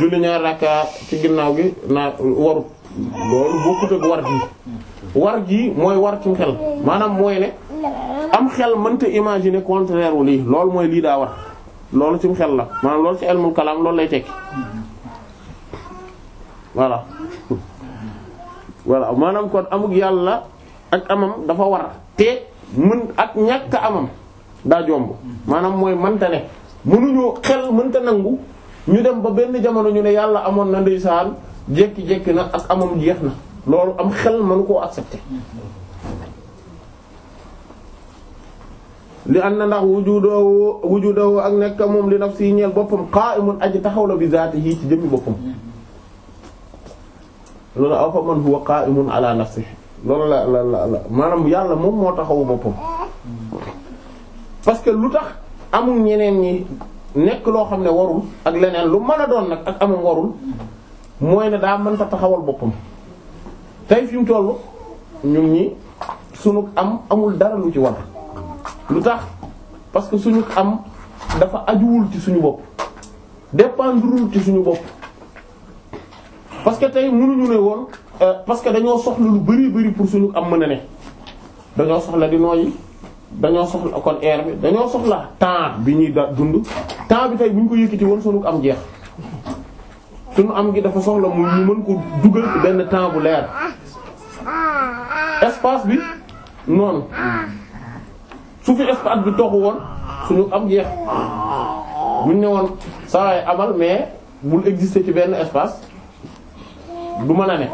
julli ñaar rakka ci ginnaaw gi naa warut loolu bokkut ak war gi war gi mooy war ci xel maanaam mooy ne am xel mënta imaginer contraire wu lii loolu mooy lii daa war loolu ci xel la maanaam loolu ci elmul kalaam loolu lay tekki voilà voilà maanaam kon amuk yàlla ak amam dafa war te mën ak ñàkk amam daa jomb maanaam mooy mënta ne mënuñoo xel mënta nangu ñu dem ba benn jamono ñu ne yàlla amoon na ndeysaan jékki-jékki na ak amam jeex na loolu am xel mënu koo accepter li ànd na ndax wujudoo wujudoo ak nekk moom li nafsi ñeel boppam mun aji taxaw la bi zaatihi ci jëmmi boppam loolu aw fa man huwa qa'imun ala nafsihi loolu la la la la maanaam yàlla moom moo taxawu boppam parce que lu tax amul ñeneen ñi nekk loo xam ne warul ak leneen lu mën a doon nag ak amul warul mooy ne daa mënta taxawal boppam tey fi mu toll ñun ñi suñu am amul dara lu ci war lu tax parce que suñu am dafa ajuwul ci suñu bopp dépendrewul ci suñu bopp parce que tey mënuñu ne woon euh, parce que dañoo soxla lu bari bari pour suñu am mën a ne dañoo soxla di nooyi dañoo soxla kon air bi dañoo soxla temps bi ñuy da dund temps bu ñu ko yëkkati woon suñu am jeex suñu am dafa soxla mu mën ko dugal benn temps bu leer espace bi noonu su fi espace bi toxu woon suñu am jeex buñ ne woon saa amal mais bul exister ci benn espace du mën a ne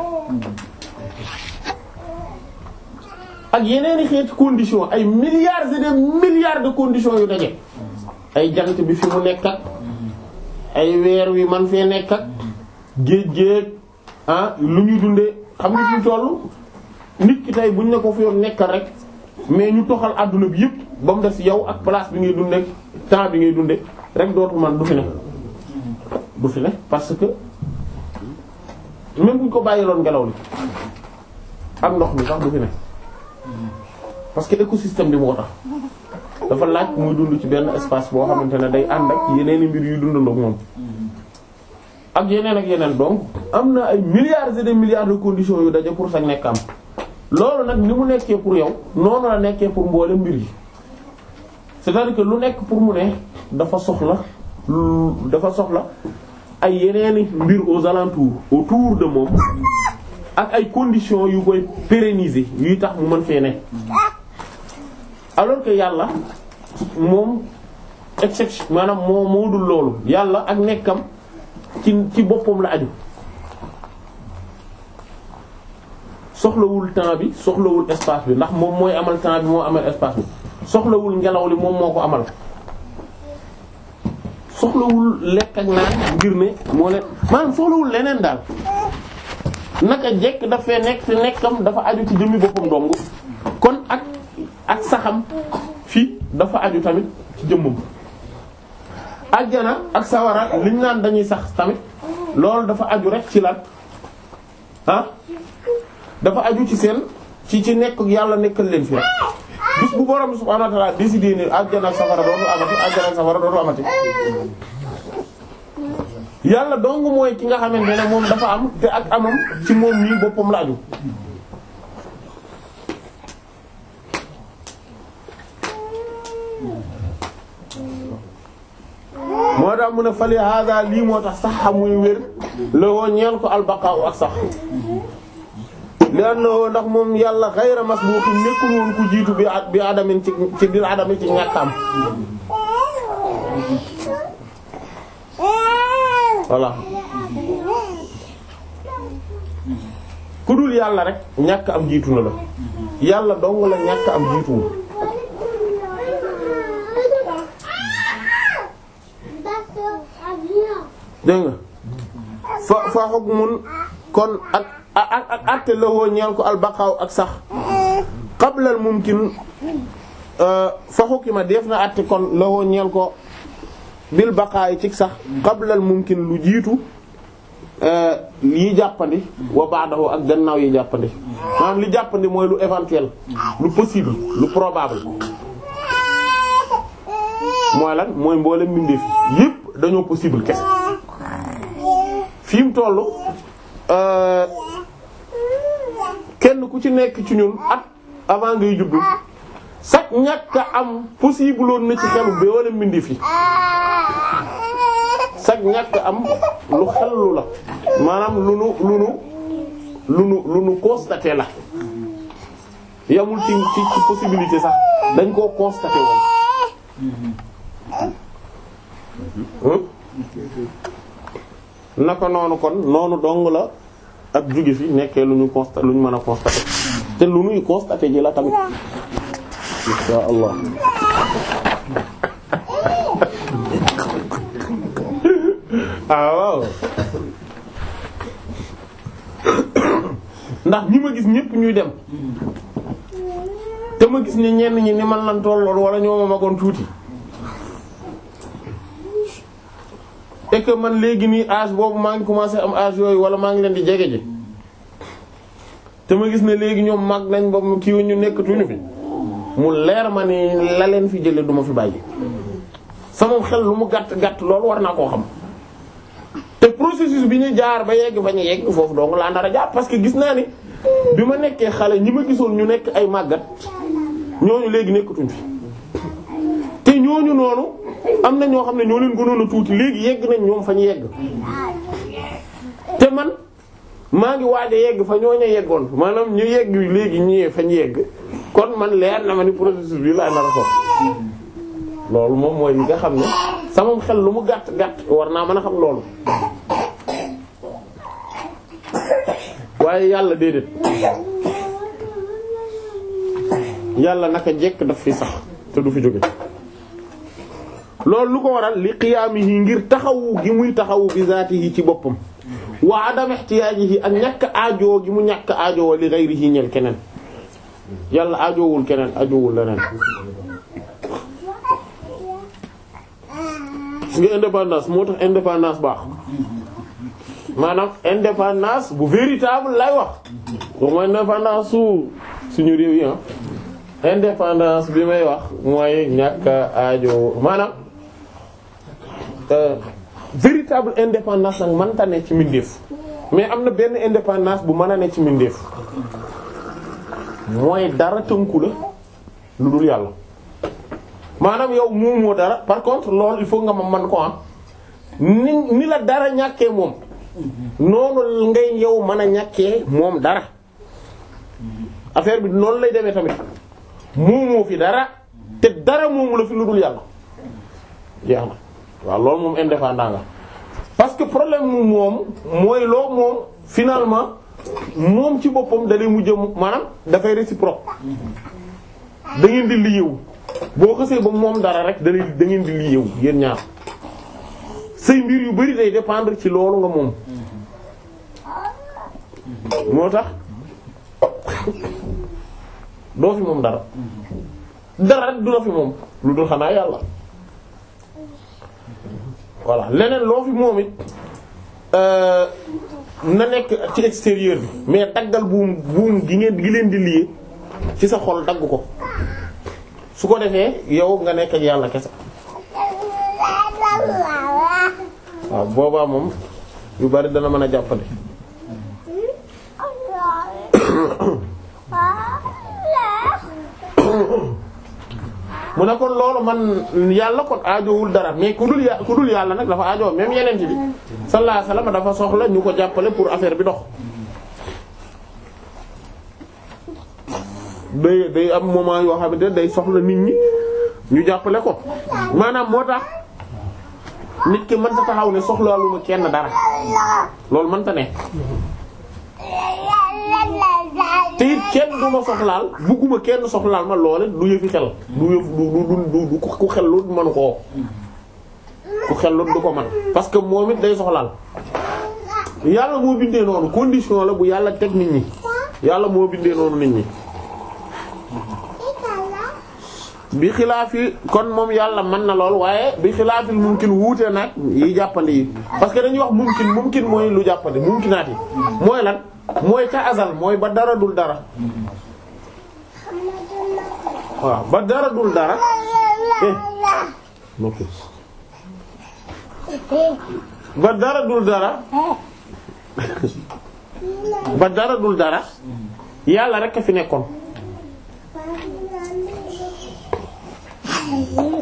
ak yeneen i xeeti condition ay milliards et des milliards de conditions yu daje ay jant bi fi mu nekk ak ay weer wi man fee nekk ak géej géej ah, lu ñuy dunde xam nga fi toll nit ki tey buñ ne ko fi yoon nekkal rek mais ñu toxal àdduna bi yëpp ba mu des yow ak place bi ngay dundee temps bi ngay dundee rek dootu man du fi ne du fi ne parce que même buñ ko bàyyi bàyyiloon ngelaw li ak ndox mi sax du ne parce que écosystème bi moo tax dafa laaj muy dund ci benn espace boo xamante ne day ànd ak yeneen mbir yu dund ak moom. ak yeneen ak yeneen donc am na ay milliards et des milliards de conditions yu daje pour sa nekk am loolu nag ni mu nekkee pour yow noonu la nekkee pour mboole mbir yi c'est-à-dire que lu nekk pour mu ne dafa soxla dafa soxla ay yeneeni mbir aux alentours autour de moom ak ay conditions yu koy pérenniser yuy tax mu mën fee ne alors que yàlla moom exception maanaam moo moo dul loolu yàlla ak nekkam ci ci boppam la aju soxlawul temps bi soxlawul espace bi ndax moom mooy amal temps bi moo amal espace bi soxlawul ngelaw li moom moo ko amal soxlawul lekk ak naan ngir ne moo leen maanaam soxlawul leneen daal naka jekk dafay nekk te nekkam dafa aju ci jëmmi boppam dong kon ak ak saxam dafa aju tamit ci jëmmam ajjana ak sawara liñ naan dañuy sax tamit loolu dafa aju rek ci lan ah? dafa aju ci seen ci ci nekk yàlla nekkal leen fi bis bu borom subhaanahu wa ta'aala décidé ne àjjana ak safara dootu amati àjjana ak safara dootu amati. yàlla dong mooy ki nga xamante ne moom dafa am te ak amam ci moom nii boppam laaju moo tax moo tax sax muy wér la woo ko albaqaaw ak sax li annahu ndax moom yàlla xayra masbuqin nekkul woon ku jiitu bi at bi adamin ci ci biir adami ci yàlla rek ñàkk am jiitu na la yàlla dong la ñàkk am jiituwul dégg nga fa fa hukmun kon ak ak ak ak àtte la woo ñeel ak sax qablal mumkin euh, fa xukima def na àtte kon la woo ñeel ko bil baqaay ci sax qablal mumkin lu jiitu yi euh, jàppandi wa ba'dahu ak gannaaw yi jàppandi li jàppandi mooy lu éventuel lu possible lu probable mooy lan mooy mboolem mbindeef yépp dañoo possible kese fi tollu euh, kenn ku ci nekk ci ñun at avant ngay juddu sax ñàkk a am possible na ci xelu ba wala mbindi fi sax ñàkk am lu xellu la maanaam lu nu lu nu lu nu lu nu constaté la yamul ci ci ci sax dañ koo constaté woon naka noonu kon noonu dong la ak jóge fi nekkee lu ñu constat lu ñu mën a constaté te lu ñuy constaté ji la tamit insha allah ah, waaw ndax ñi ma gis ñépp ñuy dem te ma gis ne ñenn ñi ni man lan tolloon wala ñoo ma tuuti et man léegi nii âge boobu maa ngi commencé am âge yooyu wala maa ngi leen di jege ji te ma gis ne léegi ñoom mag nañ ba mu wu ñu nekkatuñu fi mu leer ma ne la leen fi jëlee du ma fi bàyyi sama xel lu mu gàtt gàtt loolu war naa koo xam te processus bi ñu jaar ba yegg fa ñu yegg foofu donc laa nar jaar parce que gis naa ni bi ma nekkee xale ñi ma gisoon ñu nekk ay màggat ñooñu léegi nekkatuñ fi. te ñooñu noonu am na ñoo xam ne ñoo leen gënoon a tuuti léegi yegg nañ ñoom fa ñu yegg te man maa ngi waaj a yegg fa ñooñu a maanaam ñu yegg léegi ñëwee fa ñu yegg kon man leer na ma ni processus bi laa nar a ko loolu moom mooy li nga xam ne sama xel lu mu gàtt gàtt war naa mën a xam loolu waaye yàlla déedéet yàlla naka jekk daf fi sax te du fi jóge loolu lu ko waral li qiyaamihi ngir taxawu gi muy taxawu bi zaatihi ci boppam waa wa adam ihtiyaajihi ak ñàkk aajoo gi mu ñàkk aajoo li ghayrihi ñel keneen yàlla ajoowul keneen ajoowul leneen su nga indépendance moo tax indépendance baax maanaam indépendance bu véritable lay wax moom indépendance su suñu réew yi ah. indépendance bi may wax mooy ñàkk aajo maanaam Euh, véritable indépendance nag mënta ne ci mbindeef mais am na benn indépendance bu mën a ne ci mbindeef mooy dara tënku la lu dul yàlla maanaam yow moomoo dara par contre loolu il faut nga ma man ko am ah. ni ni la dara ñàkkee moom noonu ngay yow man a ñàkkee moom dara affaire bi noonu lay demee tamit moomoo fi dara te dara moomu la fi lu dul yàlla yàlla waaw loolu moom indépendant nga parce que problème mu moom mooy loo moom finalement moom ci boppam da lay mujj maanaam dafay réciproque da ngeen di liyewu boo see ba moom dara rek da da ngeen di liyewu yéen ñaar say mbir yu bari day dépendre ci loolu nga moom. moo tax doo fi moom dara dara rek du fi moom lu dul xanaa yàlla. voilà leneen loo fi moom it na nekk ci extérieur bi mais daggal buum buum gi ngeen gi leen di lié ci sa xol dagg ko su ko defee yow nga nekk ak yàlla kese. waaw boobaa moom yu bari dana mën a jàppale. mu ne kon loolu man yàlla kon aajowul dara mais ku dul yà ku yàlla nag dafa aajoo même yeneen bi sallallahu alayhi dafa soxla ñu ko jàppale pour affaire bi dox. day day am moment yoo xamante ne day soxla nit ñi ñu jàppale ko maanaam moo tax nit ki mënta taxaw ne soxlaalu ma kenn dara loolu mënta ne. te it kenn du ma soxlaal bugguma kenn soxlaal ma loole du yëfi xel du yëf du du du ku xel ku xel lu du ko man parce que moom it day soxlaal yàlla moo bindee noonu condition la bu yàlla teg nit ñi yàlla moo bindee noonu nit ñi bi xilaafi kon moom yàlla man na lool waaye bi xilaafil mumkin wuute nag yi jàppandi yi parce que dañuy wax mumkin mumkin mooy lu jàppandi mumkinaat yi mooy lan mooy ca azal mooy ba dara dul dara waaw ba dara dul dara eh. ba dara dara yàlla rekk a fi nekkoon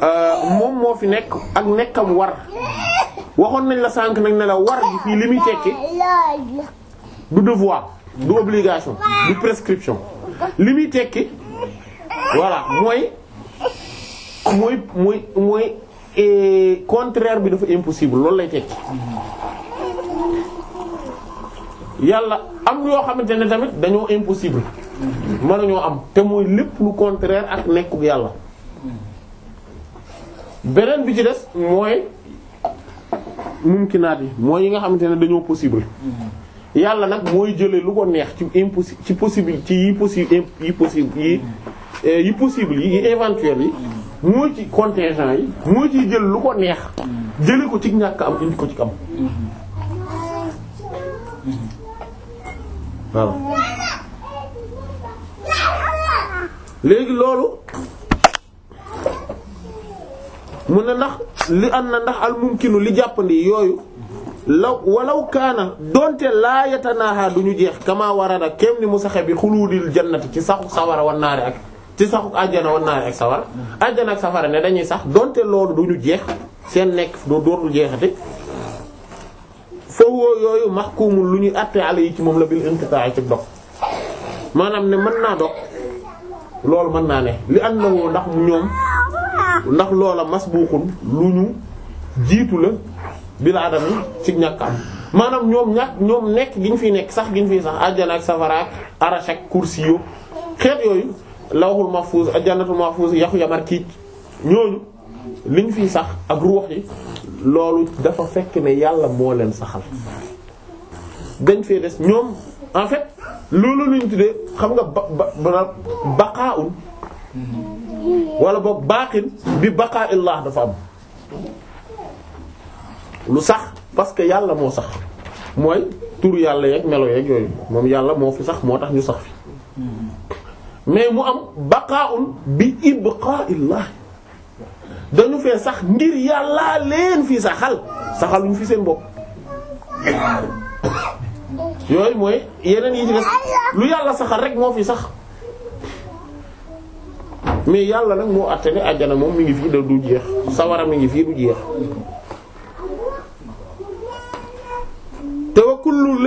euh, moom moo fi nekk ak nekkam war waxoon nañ la sànk nag ne la war gi fii li muy tekki du devoir du obligation du prescription li muy tekki voilà mooy mooy mooy mooy eh, contraire bi dafa impossible loolu lay tekki yàlla am yoo xamante ne tamit dañoo impossible mënuñoo am te mooy lépp lu contraire ak nekkug yàlla beneen bi ci des mooy mumkinaat yi mooy yi nga xamante ne dañoo possible. yàlla nag mooy jëlee lu ko neex ci impossible ci possible ci yi possible yi possible yi eh, yi possible yi éventuel yi moo ci contingent yi moo ci jël lu ko neex jële ko ci ñàkk am indi ko ci am waaw léegi loolu mu ne ndax li am na ndax al mumkinu li jàppandi yooyu law walaw kaana donte laa yatanaaha du ñu jeex kama warada kem ni mu saxe bi xuluudil jannati ci saxu sawara wan naari ak ci saxu àjjana wan naari ak sawara àjjana ak safara ne dañuy sax donte loolu duñu jeex seen nekk du dootul jeexati foofu yooyu maxkuumul lu ñuy àtte ala yi ci moom la bil inqita'i ci dox maanaam ne mën naa dox loolu mën naa ne li annahu ndax ñoom ndax loola masbuuxun lu ñu jiitu la bil adam yi ci ñàkkaam maanaam ñoom ñàkk ñoom nekk gi ñu fiy nekk sax gi ñu fiy sax àjjana ak safara ak arash ak kursi yo xeet yooyu lawhul mahfuz ajjanatul mahfuz yaxu yamar kiic ñooñu liñ fi sax ak ruux yi loolu dafa fekk ne yàlla moo leen saxal dañ fee des ñoom en fait loolu luñ tuddee xam nga ba ba baqaa'un wala boog baaqin bi baqaa'illah dafa am lu sax parce que yàlla moo sax mooy tur yàlla yeeg melo yeeg yooyu moom yàlla moo fi sax moo tax ñu sax fi mais mu am baqaa'un bi ibqaa'illah dañu fee sax ngir yàlla leen fi saxal saxaluñ fi seen bopp yooyu mooy yeneen yi ci des lu yàlla saxal rek moo fi sax mais yàlla nag moo àtte ne àjjana moom mi ngi fii da du jeex sawara mi ngi fii du jeex te wa kullu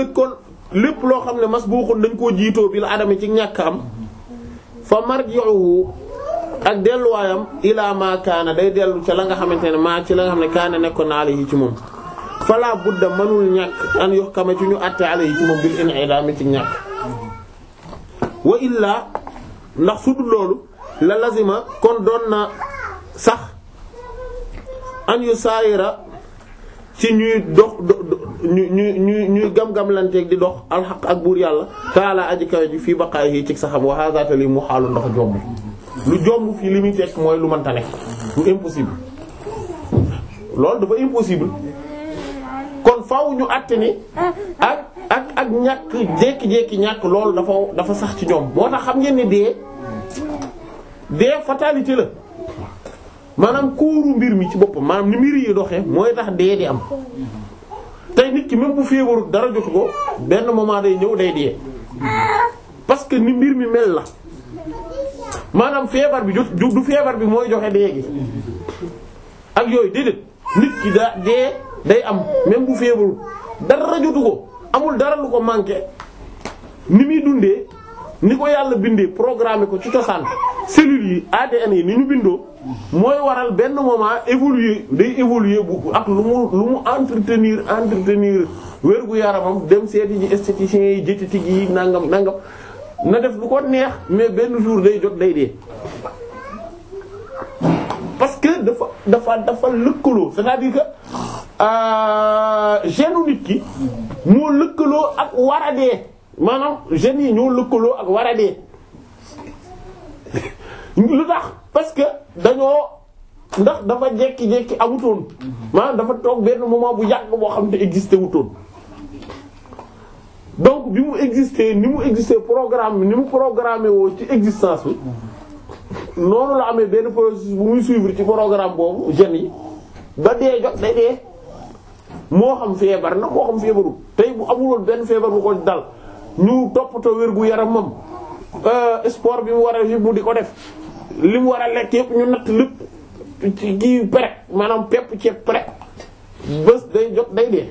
lépp loo xam ne masbuuxun dañ koo jiitoo bi la adami ci ñàkk am fa marji'uhu ak delluwaayam ilaa maa kaana day dellu ci la nga xamante ne maa ci la nga xam ne kaana nekkoon na alayhi ci moom fala budda manul ñàkk an yuhkama ci ñu àtte alayhi ci moom bil in'ilaam ci ñàkk wa illaa ndax su dul loolu la lazima kon doon na sax an yu saayira ci ñuy dox ñu ñu ñu ñuy gam-gamlanteeg di dox alxaq ak buur yàlla taala aji kawe ji fii baqaay yi ci saxam waxaagaata li mu xaalu ndax jomb lu jomb fii li muy tekk mooy lu mënta nekk lu impossible loolu dafa impossible kon faaw ñu àtte ni ak ak ñàkk jékki-jékki ñàkk loolu dafa dafa sax ci ñoom moo tax xam ngeen ne dee dee fatalité la maanaam kuuru mbir mi ci boppam maanaam ni mbir yi doxee mooy tax dee di am tey nit ki même bu feebarul dara jotu ko benn moment day ñëw day dee parce que ni mbir mi mel na maanaam feebar bi jot du feebar bi mooy joxe dee gi ak yooyu déedéet nit ki da dee day am même bu feebarul dara jotu ko amul dara lu ko manqué ni muy dundee ni ko yàlla bindee programmé ko ci cosaan cellules yi ADN yi ni ñu bindoo mooy waral benn moment évoluer day évoluer bu ak lu mu lu mu entretenir entretenir wérgu yaramam dem seeti ji esthéticiens yi diététique yi nangam nangam na def lu ko neex mais benn jour day jot day dee. parce que dafa dafa dafa lëkkaloo c'est-à-dire que euh, genu nit ki moo lëkkaloo ak war a maanaam gènes yi ñoo lëkkaloo ak war a dee lu tax. parce que dañoo ndax dafa jekki-jekki amutoon maanaam dafa toog benn moment bu yàgg boo xam ne existé wutoon donc bi mu existé ni mu existé programme ni mu programmé woo ci existence bi noonu la benn processus bu muy suivre ci programme boobu jeunes yi ba dee jot day dee moo xam feebar na moo xam feebarul tey bu amuloon benn feebar bu ko dal ñu toppatoo wér gu yaramam euh, sport bi mu war a mu di ko def li mu war a lekk yëpp ñu natt lépp ci gi prêt maanaam pepp ceeb prêt bés day jot day dee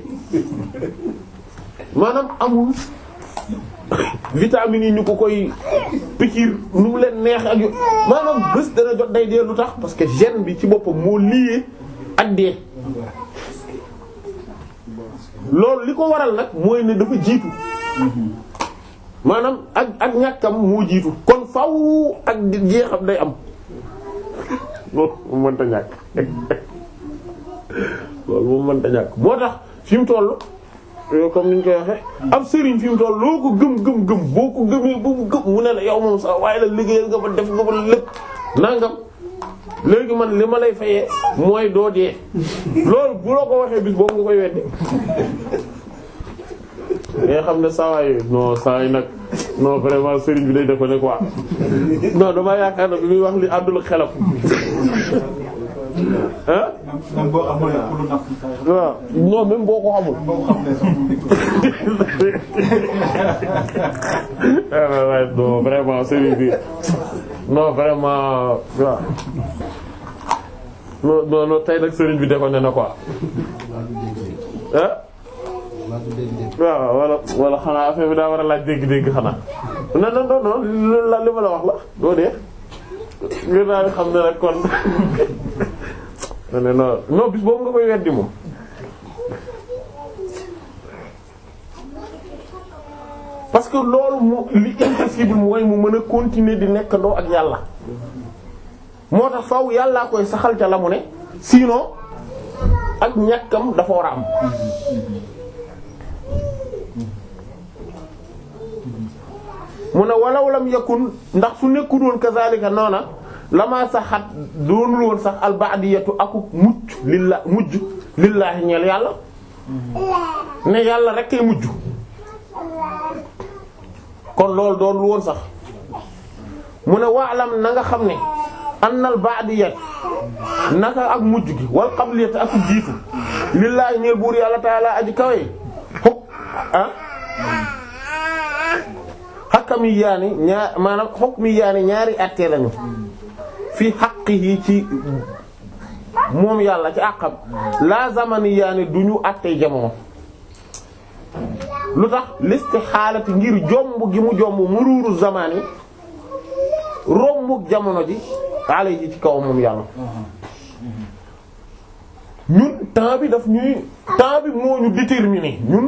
maanaam amul vitamines yi ñu ko koy piqûre nu mu leen neex ak yo maanaam bés dana jot day dee lu tax parce que gène bi ci boppam moo lié ak dee loolu li ko waral nag mooy ne dafa jiitu maanaam ak ak ñàkkam moo jiitu kon faw ak jeexam day am loolu moom mënta ñàkk loolu moom mënta ñàkk moo tax fi mu toll comme ni koy waxee am sëriñ fi mu toll loo ko gëm gëm gëm boo ko gëmee ba mu gëm mu ne la yow moom sax waaye la liggéeyal nga ba def nga ba lépp nangam léegi man li ma lay fayee mooy doo dee loolu bu la ko waxee bis boobu nga koy weddi nga xam ne saawaay non saa yi nag non vraiment sëriñ bi day def ko ne quoi non dama yaakaar ne bi muy wax ah. même boo boo ko xamul. waaw ah, non vraiment bi non vraiment waaw. non nag sëriñ bi defoon na ne quoi ah. waaw wala wala xanaa affaire bi daa war a laa dégg-dégg xanaa non non la li ma la wax la doo dee ngir naa xam ne rek kon non non non bis boobu nga koy weddi moom. parce que loolu mu li impossible mooy mu mën a continuer di nekkandoo ak yàlla moo tax faw yàllaa koy saxal ca la mu ne sinon ak ñàkkam dafa war a am. mu ne walaw lam yakun ndax su nekkul woon kazalika noona lamaa saxat doonul woon sax albaadiyatu akuk mucc lilla mujj lillaahi ñeel yàlla ne yàlla rek mujj kon loolu doonul woon sax mu ne waalam na nga xam ne annal baadiyat naka ak mujj gi wal qabliyat ak jiitu lillaahi ñeel buur yàlla taalaa aji kawe xukk xakkami yaani ñaar ñaari àttee lañu fi xaqi ci moom yàlla ci àqam laa zamani yaani du ñu àttee jamono lu tax listixaalati ngir jomb gi mu jomb muruuru zamaan yi rombuk jamono ji xaale ji ci kaw moom yàlla ñun temps bi daf ñuy temps moo ñu déterminer ñun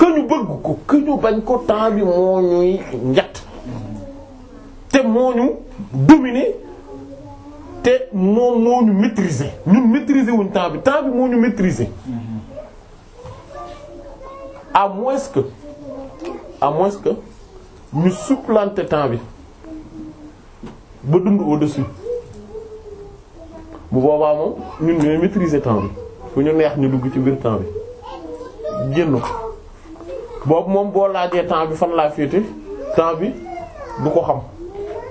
que ñu bëgg ko que ñu bañ ko temps bi moo ñuy njatt te moo ñu dominer te moom moo ñu maîtriser ñun maîtriser wuñ temps bi temps bi moo ñu maîtriser à moins que à moins que ñu supplanter temps bi ba dund au-dessus bu boobaa moom ñun ñooy maîtriser temps bi fu ñu neex ñu dugg ci biir temps bi génn ko. boobu moom boo laajee temps bi fan laa fiiti temps bi du ko xam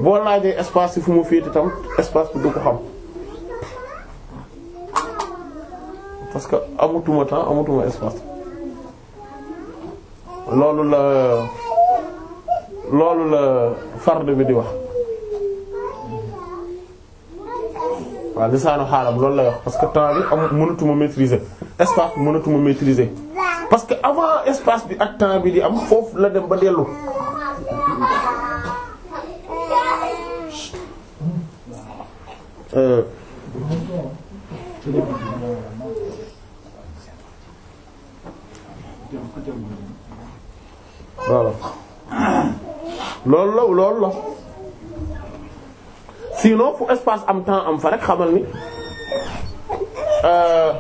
boo laajee espace bi fu mu féete tam espace bi du ko xam parce que amatuma temps amatuma espace loolu la loolu la fard bi di wax waaw lisaanu xaalam loolu lay wax parce que temps bi am mënatuma maîtriser espace bi mënatuma maîtriser parce que avant espace bi ak temps bi di am foofu la dem ba dellu euh voilà loolu la loolu la sinon fu espace am temps am fa rek xamal ni euh,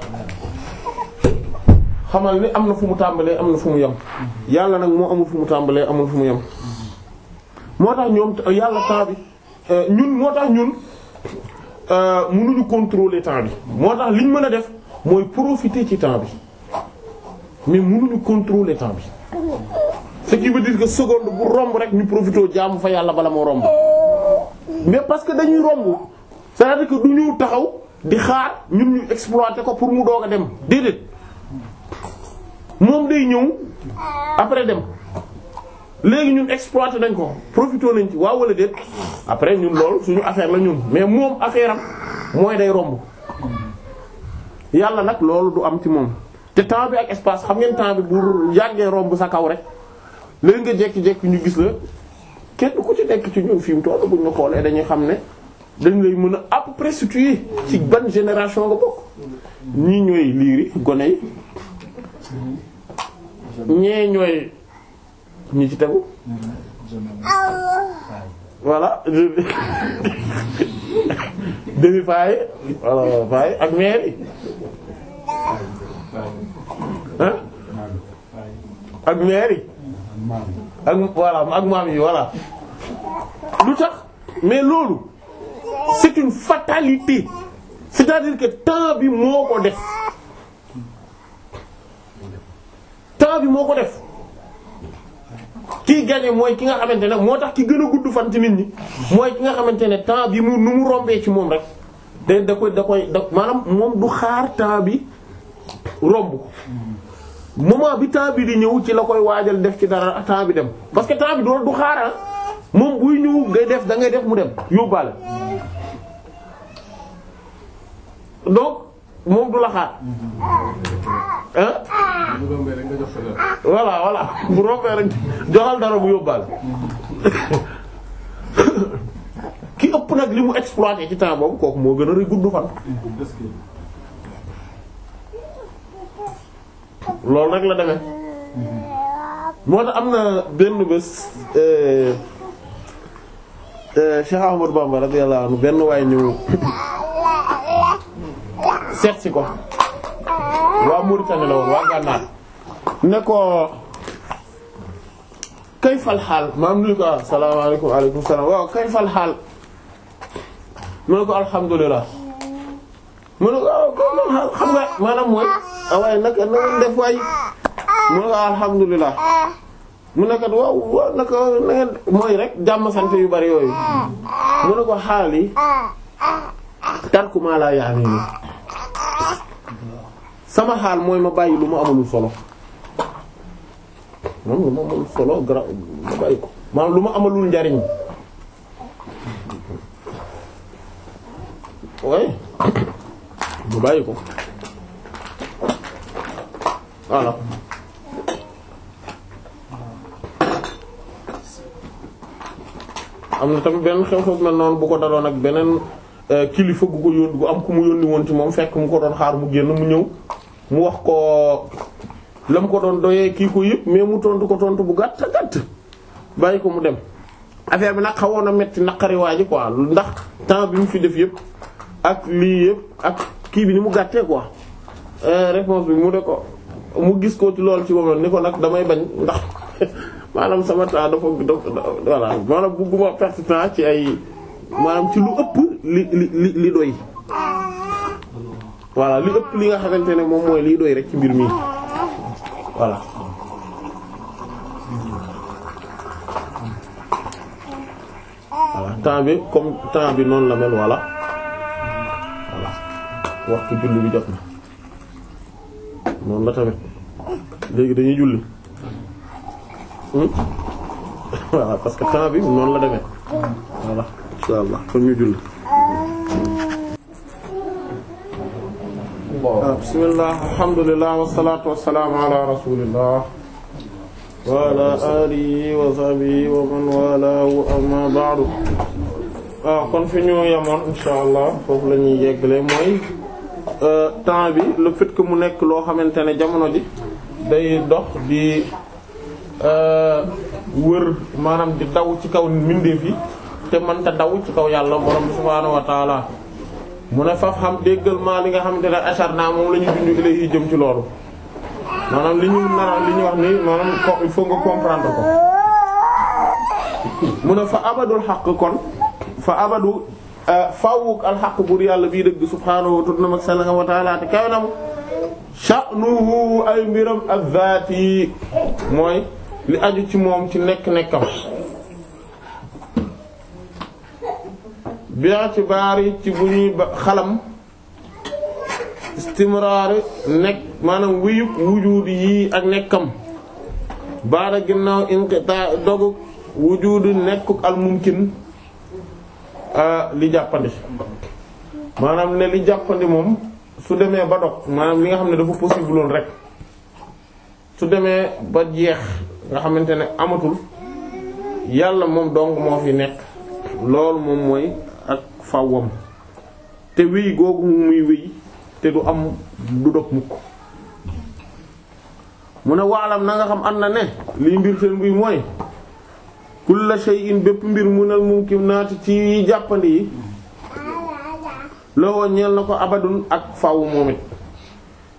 xamal ni am na fu mu tàmbalee am na fu mu yem yàlla nag moo amul fu mu tàmbalee amul fu mu yem moo tax ñoom yàlla temps bi euh, ñun moo tax ñun euh, mënuñu contrôler temps bi moo tax liñ mën a def mooy profiter ci temps bi mais mënuñu contrôler temps bi ce qui veut que seconde bu romb rek ñu profité jaamu fa yàlla bala moo romb mais parce que dañuy romb c'est-à-dire que du ñu taxaw di xaar ñun ñu exploiter ko pour mu doog a dem déedéet moom day ñëw après dem léegi ñun exploité nañ ko profité nañ ci waaw walla déet après ñun loolu suñu affaire la ñun mais moom affaire mooy day romb yàlla nag loolu du am ci moom te temps bi ak espace xam ngeen temps bi bu yàggee romb sa kaw rek léegi nga jékki-jékki ñu gis la kenn ku ci nekk ci ñun fi mu toll bu ñu xoolee dañuy xam ne dañ lay mën a à peu près ci ban génération nga bokk ñii ñooy liiri gone yi ñee ñooy ñi ci tegu voilà demi paayi voilà paayi ak meer yi hein ak meer yi ak voilà ak maam yi voilà lu tax mais loolu c'est une fatalité c'est-à-dire que temps bi moo ko def temps bi moo ko def kiy gagné mooy ki nga xamante ne moo tax ki gën a gudd fan ci nit ñi mooy ki nga xamante ne temps bi mu nu mu rombee ci moom rek da da koy da koy maanaam moom du xaar temps bi romb ko bi temps bi di ñëw ci la koy waajal def ci dara temps bi dem parce que temps bi door du xaaral ah. moom buy ñëw ngay def da ngay def mu dem yóbbaale moom du la xaar. ah. bu bu rombee rek joxal dara bu yóbbaale. ki ëpp nag li mu exploité ci temps boobu kooku moo gën a rëy gudd fan. loolu rek la demee. moo tax am na benn bés. Euh, euh, Cheikh Ahmadou Bamba radiyallahu benn waay ñëw. seet si ko waa Mauritanie la woon waa Gànnaar ne ko kay fal xaal maam nuyu ko asalaamaaleykum ah, aleykum salaam waaw kay fal xaal mu ah, ah, ne ko alhamdulilah mu ne ko ko maanaam mooy waaye naka na def waay mu ne ko alhamdulilah mu ne kat waaw waaw naka na ngeen mooy rek jàmm sant yu bari yooyu mu ne ko xaal yi tarku maa laa yaani nii sama xaal mooy ma bàyyi lu ma amulul solo ma bàyyi ko maanaam lu ma amalul njariñ way ma bàyyi ko voilà am na tamit benn xew-xew mel noonu bu ko daloon ak beneen Euh, kilifa gu ko yónni gu am ku mu yónni woon ci moom fekk mu ko doon xaar mu génn mu ñëw mu wax ko la mu ko doon doyee kii ko yëpp mais mu tontu ko tontu bu gàtt gàtt bàyyi ko mu dem. affaire bi nag xawoon na metti naqari waa ji quoi ndax temps bi mu fi def yëpp ak kii bi ni mu gàttee quoi euh, bi mu ne ko mu gis ko ci loolu ci boppam ni ko nag damay bañ ndax maanaam sama temps dafa dafa voilà maanaam bugguma perte temps ci ay. maanaam ci lu ëpp li li li doy voilà li ëpp li nga xamante ne moom mooy liy doy rek ci mbir mi voilà voilà temps bi comme temps bi noonu la mel voilà voilà waxtu julli bi jot na noonu la tamit léegi dañuy julli hmm? voilà parce que temps bi noonu la demee voilà insha allah kon ah, bismillah alhamdulillah wassalaatu wassalaamu ala rasulillah wa ala alihi wa sahbihi wa man walaahu amma ah, kon fi ñu yemoon insha allah foofu la ñuy yeggale mooy euh, temps bi le fait que mu nekk loo xamante ne jamono ji day dox di euh, wër maanaam di daw ci kaw mbindeef yi te manta daw ci kaw yàlla borom bi subhaanahu wa taala mu ne faf xam déggal maa li nga xamante ne achar naa moom la ñu dund ilay yi jëm ci loolu maanaam li ñuy nara li ñu wax ni maanaam il nga comprendre ko mu ne fa abadul xaq kon fa abadu euh, fawuk alxaq buur yàlla bii dëgg subhaanahu tuddnam ak sell nga wa taala te kawe ay mbiram ak zaati mooy li aju ci moom ci nekk-nekkam bi itibaari ci bu ñuy xalam istimraar nekk maanaam wuyub wujuud yii ak nekkam baada ginnaaw inqitaa doguk wujuudu nekkuk al mumkin li jàppandi maanaam ne li jàppandi moom su demee ba dog maanaam li nga xam ne dafa possible woon rek su demee ba jeex nga xamante ne amatul yàlla moom dong moo fi nekk loolu moom mooy fawwam te wéy googu muy wéy te du am du dog mukk mu ne waalam na xam am na ne lii mbir seen buy mooy kulla shay'in bépp mbir munal mumkin naati ci jàppandi yi lowoo ñeel na ko abadun ak faw moom it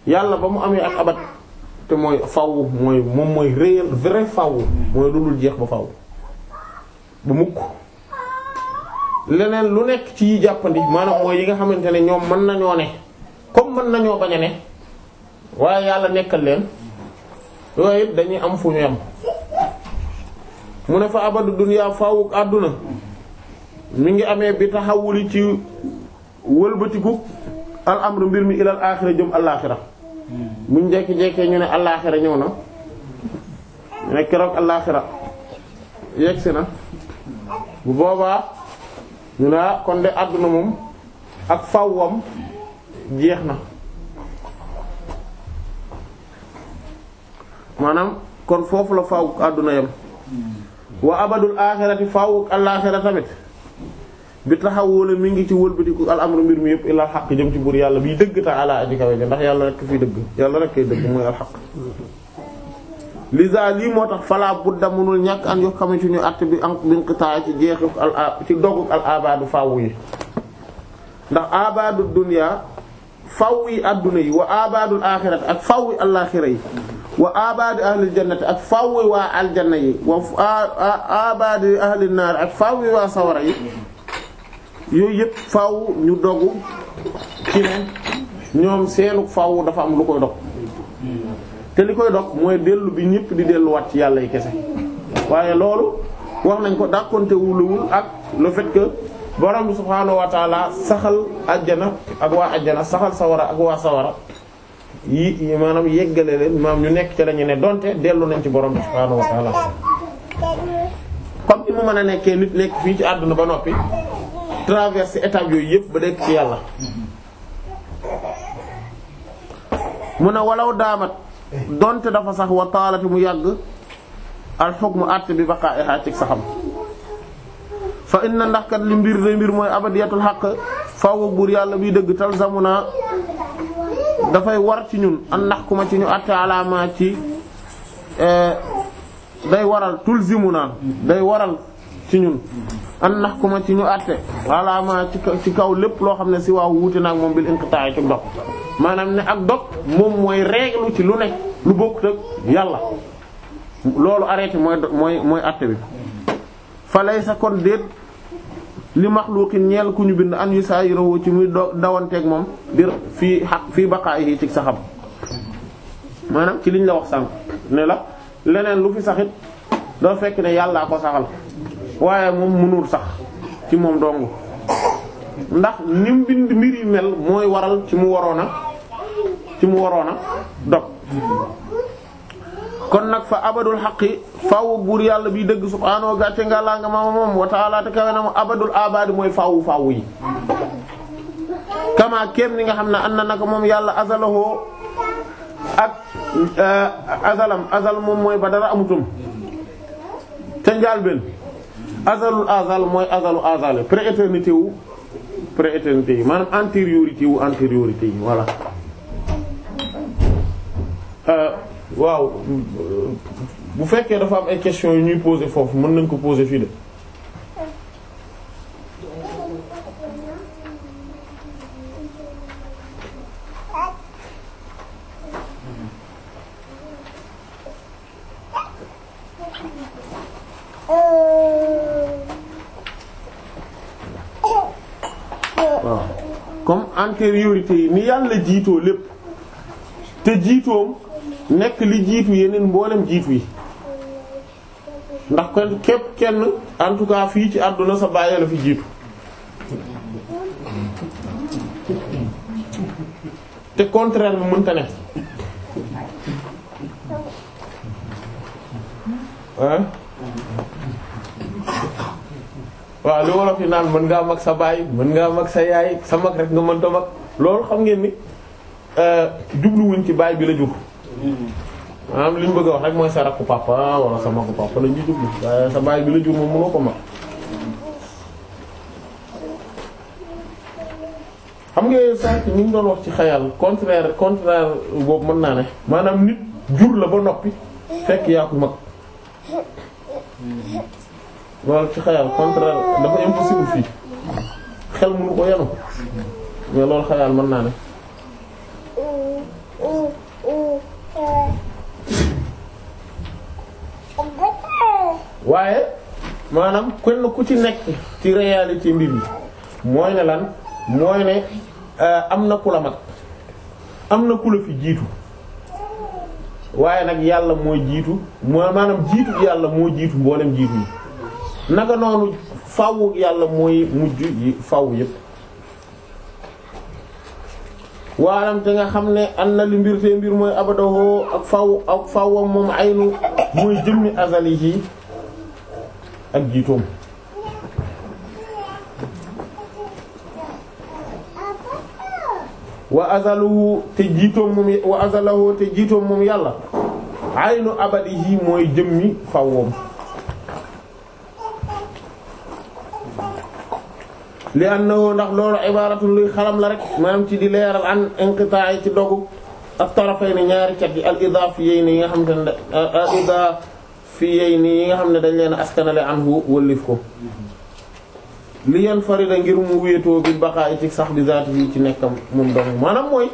yàlla ba mu amee ak abad te mooy faw moom mooy réel vrai faw mooy lu dul jeex ba faw ba mukk leneen lu nekk ci yi jàppandi maanaam mooy yi nga xamante ne ñoom mën nañoo ne comme mën nañoo bañ a ne waaye yàlla nekkal leen yooyu it dañuy am fu ñu am mu ne fa abadu dunya faawu àdduna mi ngi amee bi taxawuli ci wëlbatiku al amru mbir mi ilal aaxira jëm alaaxira buñ jekki jekkee ñu ne alaaxira ñëw na ñu ne keroog alaaxira yegsi na boobaa ñu ne ah, kon de àdduna moom ak fawwam jeex na maanaam kon foofu la fawuk àdduna yam wa abadul aaxirati fawuk alaaxira tamit bi taxawoo mi ngi ci wëlbatiku al amru mbir mi yëpp illa al xaq jëm ci buur yàlla biy dëgg ta ala aji kawe ndax yàlla rekk fiy dëgg yàlla rekk dëgg mooy al lisa lii moo tax falaa budda mënul ñàkk an yoo xamante ñu att bi an binqitaa ci jeexuk al ci doguk al abadu fàww yi ndax abadu dunya fàww yi adduna yi wa abadul axirati ak fàww ak fàww yi waa aljanna yi wa abadi ahlil naar ak fàww yi waa sawara yi yooyu yëpp faw ñu dogu ci ne ñoom seenu fàww dafa am lu koy dog te li koy dog mooy dellu bi ñëpp di delluwaat ci yàlla yi kese waaye loolu wax nañ ko dàqontewuluwul ak le fait que borom bi subhaanahu wa saxal ajjana ak waa ajjana saxal sawara ak waa sawara yi maanaam yeggale leen maanaam ñu nekk ci lañu ne donte dellu nañ ci borom bi subhaanahu wa taala comme ni mu mën a nekkee nit nekk fii ci àdduna ba noppi traverse étape yooyu yëpp ba nekk ci yàlla mu ne walaw daamat donte dafa sax wa taalati mu yàgg al hukmu àtte bi baqaa'ihaa ci saxam fa inna ndax kat li mbir de mbir mooy abadiyatul haqq faaw buur yàlla biy dëgg talzamuna dafay war ci ñun an nahkuma ci ñu àtte alaama ci eh, day waral tulzimuna day waral ci ñun an nahkuma ci ñu àtte alaama ci kaw lépp loo xam ne si waaw wuute naag moom bil inqitaa'i ci dox maanaam ne ak dog moom mooy réglu ci lu nekk lu bokkut ak yàlla loolu arrêté mooy mooy mooy àtte bi fa laysa kon déet li maxluuqin ñeel ku ñu bind an yu saa yirowoo ci muy dawanteek moom di fii xaq fii yi baqaayi ci saxam maanaam ci liñ la wax sànq ne la leneen lu fi saxit doo fekk ne yàllaa ko saxal waaye moom mënul sax ci moom dong ndax ni mu bind mbir yi mel mooy waral ci mu waroon a ci mu waroon a dog kon nag fa abadul xaqi faaw buur yàlla bi dëgg subhaanahu gàcce nga laa nga ma moom wa te kawe na abadul abadi mooy faawu faawu yi kama kéem ni nga xam ne an na naka moom yàlla azalahoo ak euh, azalam azal moom mooy ba dara amutum te njaal benn azalul azal mooy azalu azal prééternité wu prééternité yi maanaam antériorité antériorité yi voilà Euh, waaw bu fekkee dafa am ay question yu ñuy poser foofu mën nañ ko poser fii de. waaw comme antériorité yi ni yàlla jiitoo lépp te jiitoom. nekk li jiitu yeneen mboolem jiitu yi ndax kon képp kenn en tout cas fii ci àdduna sa bàyyi la fi jiitu te contraire bi mënta ne waaw li wolof yi naan mën ngaa mag sa baay mën ngaa mag sa yaay sa mag rek nga mën mag loolu xam ngeen ni euh, jubluwuñ ci baay bi la jur maanaam li ñu bëgg a wax rek mooy sa rakku papa wala sa magu papa la ñuy jublu waaye sa baay bi la jur moom mënoo ko mag. xam nga sànq ñu doon wax ci xayal contraire contraire boobu mën naa ne maanaam nit jur la ba noppi fekk yaa ko mag loolu ci xayal contraire dafa impossible fii xel mënu ko yenu mais loolu xayal mën naa ne. waaye maanaam kenn ku ci nekk ci réalité mbir yi mooy ne lan mooy ne euh, am na ku la mag am na ku la fi jiitu waaye nag yàlla moo jiitu mooy maanaam jiitu yàlla moo jiitu mboolem jiitu yi naka noonu faawu yàlla mooy mujj yi faaw yépp waalam te nga xam ne an mbir te mbir mooy abadahoo ak faw ak fawam moom aynu mooy jëmmi azali yi ak jiitoom wa azaluhu te jiitoom moom wa azalahu te jiitoom moom yàlla aynu abadihi mooy jëmmi fawam li annahu ndax loolu ibaratun luy xalam la rek maanaam ci di leeral an inqita'i ci dogu ak tarafayni ñaari cat yi al idafiyayni yi nga xam ne al idafiyayni yi nga xam ne dañ leen askanale anhu wëllif ko li yan farida ngir mu wéetoo bi baqaay ci sax bi zaati yi ci nekkam moom dong maanaam mooy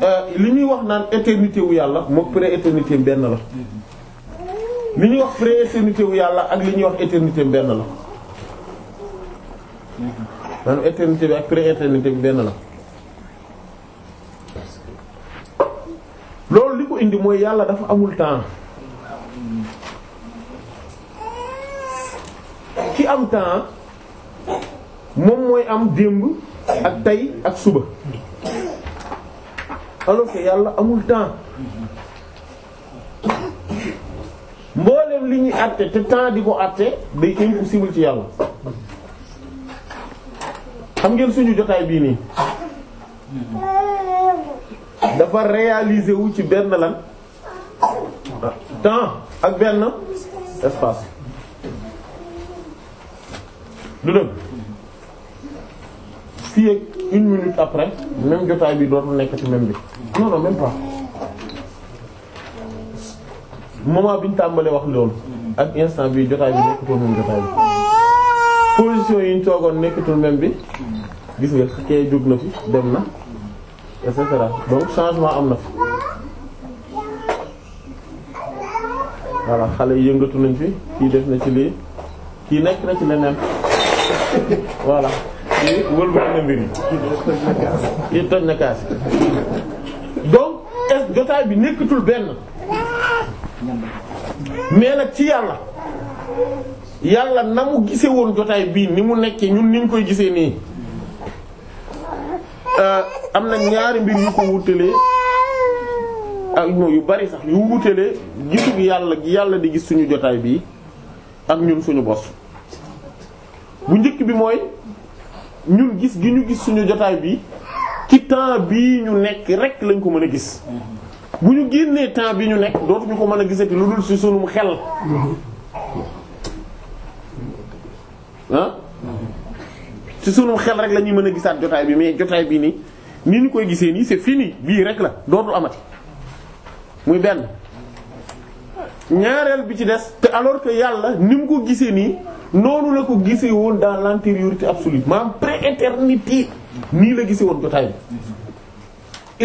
euh, li ñuy wax naan éternité wu yàlla mook pré éternité benn la li ñuy wax pré éternité wu yàlla ak li ñuy wax éternité benn la maanaam éternité bi ak pré-éternité bi benn la loolu li ko indi mooy yàlla dafa amul temps ki am temps moom mooy am démb ak tey ak suba alors yàlla amul temps mboolem li ñuy àtte te temps di ko àtte day impossible ci yàlla xam ngeen suñu jotaay bii nii dafa réaliser wu ci benn lan temps ak benn espace du dëgg fii ak une minute après même jotaay bi dootul nekk ci même bi non non même pas moment bi ñu tàmbalee wax loolu ak instant bii jotaay bi nekkutoon même jotaay bi position yi ñu toogoon nekkatul même bi gis nga kee jóg na fi dem na et cetera donc changement am na fi voilà xale yëngatu nañ fi kii def na ci lii kii nekk na ci leneen voilà kii wëlbati na mbir yi kii toj na kaas donc est jotaay bi nekkatul benn mais nag ci yàlla yàlla na mu gise woon jotaay bii ni mu nekkee ñun ni ñu koy gisee nii euh, am na ñaari mbir yu ko wutalee ak ñoom yu bari sax yu wutalee gisug yàlla gi yàlla di gis suñu jotaay bii ak ñun suñu bos bu njëkk bi mooy ñun gis gi ñu gis suñu jotaay bi ci temps bii ñu nekk rek lañ ko mën a gis mm-hmm. bu ñu génnee temps bi ñu nekk dootuñu ko mën a gisati lu dul ci sunum xel mm-hmm. ah ci sunu xel rek lañuy mën a gisaat jotaay bi mais jotaay bi nii ni ñu koy gisee nii se fini bii rek la dootul amati muy benn ñaareel bi ci des te alors que yàlla ni mu ko gisee nii noonu la ko gisee woon dans l'antériorité absolue maanaam pré-éternité nii la gisee woon jotaay bi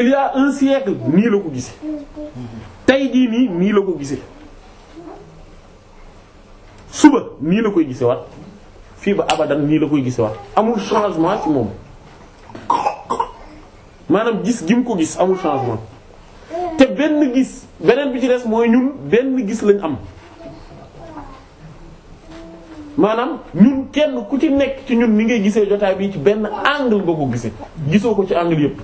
il y a un siècle nii la ko gisee tey jii nii nii la ko gisee suba nii la koy gisee waat fii ba abadan nii la koy gis gisewaat amul changement ci moom maanaam gis gi mu ko gis amul changement te benn gis beneen bi ci des mooy ñun benn gis lañ am maanaam ñun kenn ku ci nekk ci ñun ni ngay gisee jotaay bi ci benn angle nga ko gisee gisoo ko ci angle yépp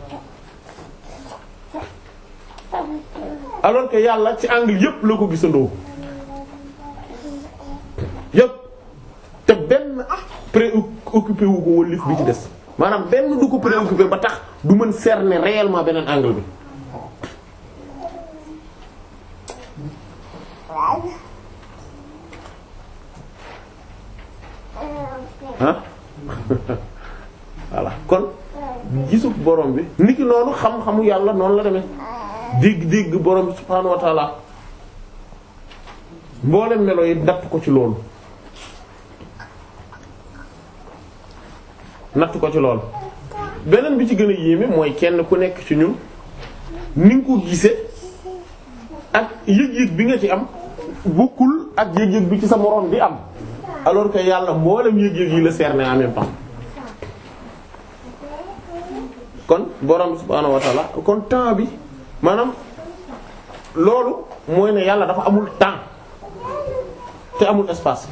alors que yàlla ci angle yépp la ko gisandoo yépp te benn ah préoccupé wu ko wëlif bi ci des maanaam benn du ko préoccupé ba tax du mën cerner réellement beneen angle bi ah voilà kon gisu borom bi niki noonu xam-xamu yàlla noonu la demee dégg-dégg borom bi subhaanahu wa melo yi dapp ko ci loolu natt ko ci loolu beneen bi ci gën a yéeme mooy kenn ku nekk ci ñun ni ko gisee ak yëg-yëg bi nga ci am bokkul ak yëg-yëg bi ci sa moroom di am alors que yàlla mboolem yëg-yëg yi la cerner en même temps kon borom subhaanahu wa kon temps bi maanaam loolu mooy ne yàlla dafa amul temps te amul espace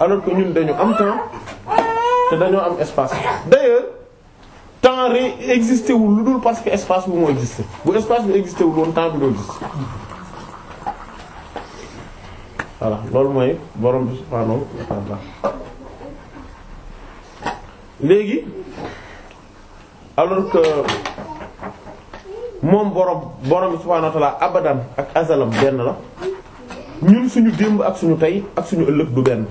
alors que ñun dañu am temps. te dañoo am espace d'ailleurs temps ré existé lu dul parce que espace bi moo existé bu espace bi existé wul woon temps bi doo gis loolu mooy boroom bi subhaanahu wa ta'ala léegi alors que moom borom bi subhaanahu wa abadan ak azalam benn la ñun suñu démb ak suñu tey ak suñu ëllëg du benn.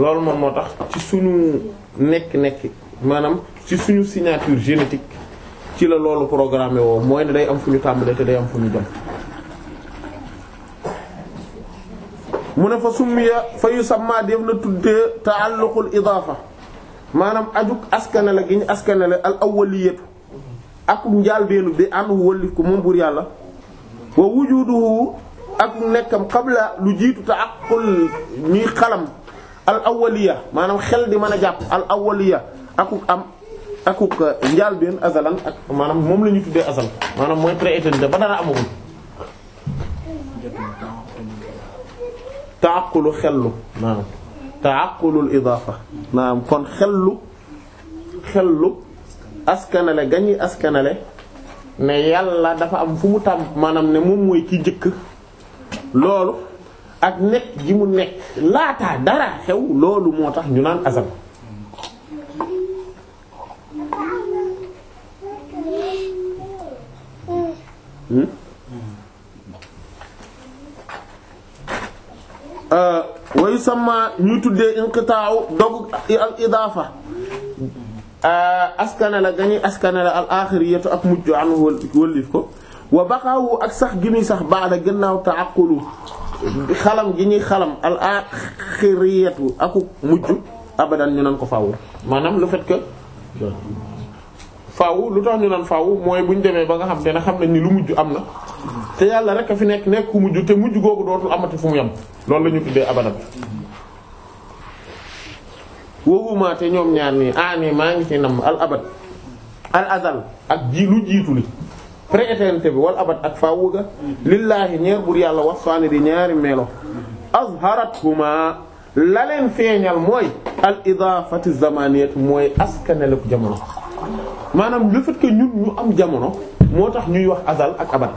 loolu moom moo tax ci suñu nekk-nekk maanaam ci suñu signature génétique ci la loolu programmé woo mooy ne day am fu ñu tàmbalee te day am fu ñu jëm mu ne fa summiya fa yu samma def na tuddee ta'alluqul idaafa maanaam ajug askanale gi ñu askanale al awwaliyatu ak njaal beenu bi an wëllif ko moom buur yàlla wa wujuduhu ak nekkam qabla lu jiitu ta'aqqul ñuy xalam al awwaliya maanaam xel di mën a jàpp al awwaliya akuk am akuk njaalbeen azalan ak maanaam moom la ñu tuddee azal maanaam mooy prééternité ba dara amagul. taaqulu xellu maanaam taaqulul idaafa maanaam kon xellu xellu askanale gañuy askanale ne yàlla dafa am fu mu tàmm maanaam ne moom mooy ki jëkk loolu. ak nekk gi mu nekk laataa dara xew loolu moo tax ñu naan azal hmm? euh, wayu sama ñu tuddee inqita'u dog al idaafa uh, askane la gañuy askane la al axiriyatu ak mujj anhu wëllif ko wa baqawu ak sax gi muy sax ba'da gannaaw ta'aqqulu xalam gi ñuy xalam al axiriyatu aku mujj abadan ñu naan ko faw maanaam le fait que faw lu tax ñu naan faw mooy bu ñu demee ba nga xam te ne xam nañ ni lu mujj am na te yàlla rek a fi nekk nekk ku mujj te mujj googu dootul amati fu mu yem loolu la ñu tuddee abadan wowuma te ñoom ñaar nii ah maa ngi ci nam al abad al azal ak lu jiitu li prééternité bi wal abad ak faawu ga lillaahi ñeer bur yàlla wasfaani di ñaari melo azharathuma la leen feeñal mooy al idaafati zamaniyat mooy askanale ko jamono maanaam lu fait que ñun ñu am jamono moo tax ñuy wax azal ak abad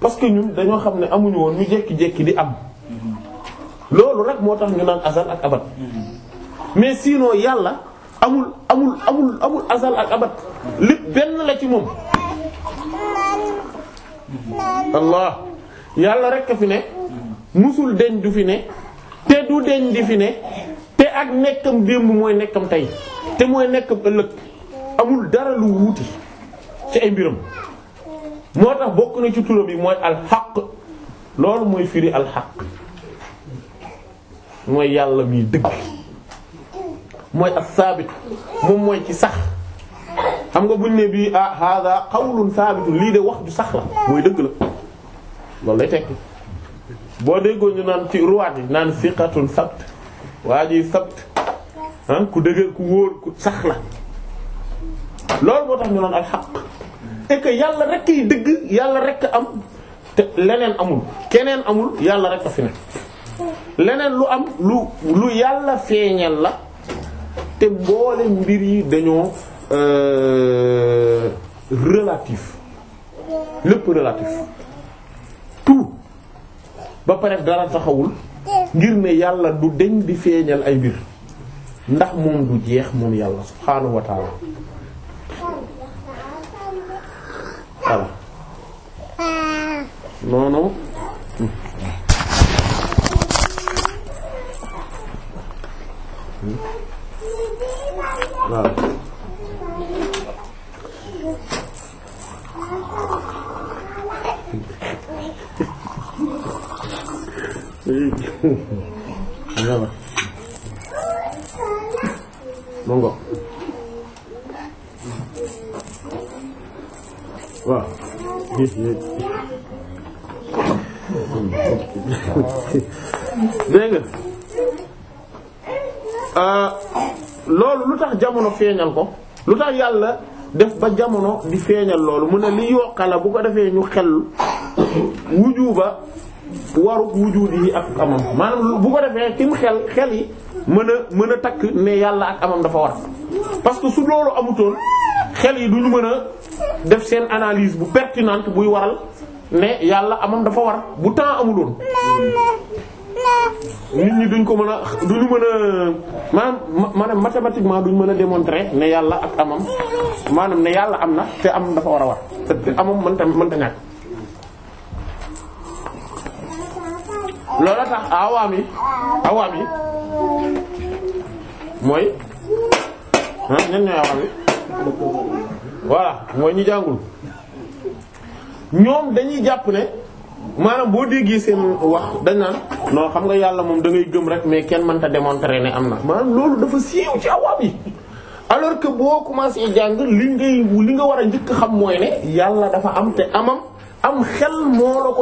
parce que ñun dañoo xam ne amuñu woon ñu jékki-jékki di am loolu rek moo tax ñu naan azal ak abat mais sinon yàlla amul amul amul amul asal ak abat lépp benn la ci moom allah yàlla rekk a fi ne musul deñ du fi ne te du deñ di fi ne te ak nekkam démb mooy nekkam tey te mooy nekkam ëllëg amul dara lu wuuti ci ay mbiram moo tax bokk na ci turam yi mooy alxaq loolu mooy firi alxaq mooy yàlla miy dëgg mooy as-saabitu moom mooy ci sax xam nga buñ ne bii ah hada qawlun saabitu lii de wax ju sax la mooy dëgg la loolu lay tekki boo déggoo ñu naan ci ruwaat yi naan siqatun sabt waa ji sabt ah ku dëgër ku wóor ku sax la loolu moo tax ñu naan al xaq yàlla rek yi dëgg yàlla rekk am te leneen amul keneen amul yàlla rek a fi ne leneen lu am lu lu yàlla feeñal la te mboole mbir yi dañoo euh, relatif lépp relatif tout ba pare dara taxawul ngir ne yàlla du deñ di feeñal ay mbir ndax moom du jeex moom yàlla subhaanahu wa ta'ala noonu hmm. waaw mongo waaw dégg nga ah. loolu lu tax jamono feeñal ko lu tax yàlla def ba jamono di feeñal loolu mu ne li yokkala bu ko defee ñu xel wujuba waruk wujud yi ak amam maanaam bu ko defee tim xel xel yi mën a mën a takk ne yàlla ak amam dafa war parce que su loolu amutoon xel yi duñu mën a def seen analyse bu pertinente buy waral ne yàlla amoon dafa war bu temps amuloon nit ñi duñ ko mën a duñu mën a maanaam maanaam mathématiquement duñ mën a démontrer ne yàlla ak amam maanaam ne yàlla am na te am dafa war a war te amam mënta mënta ñàkk. loola tax awaam yi awaam yi mooy ah ñooy awaam yi voilà mooy ñi jàngul ñoom dañuy jàpp ne. maanaam boo déggee seen wax dañ naan non xam nga yàlla moom da ngay gëm rek mais kenn mënta démontrer ne am na maanaam loolu dafa siiw ci awaam yi alors que boo commencé jàng li ngay li nga war a njëkk xam mooy yàlla dafa am te amam am xel moo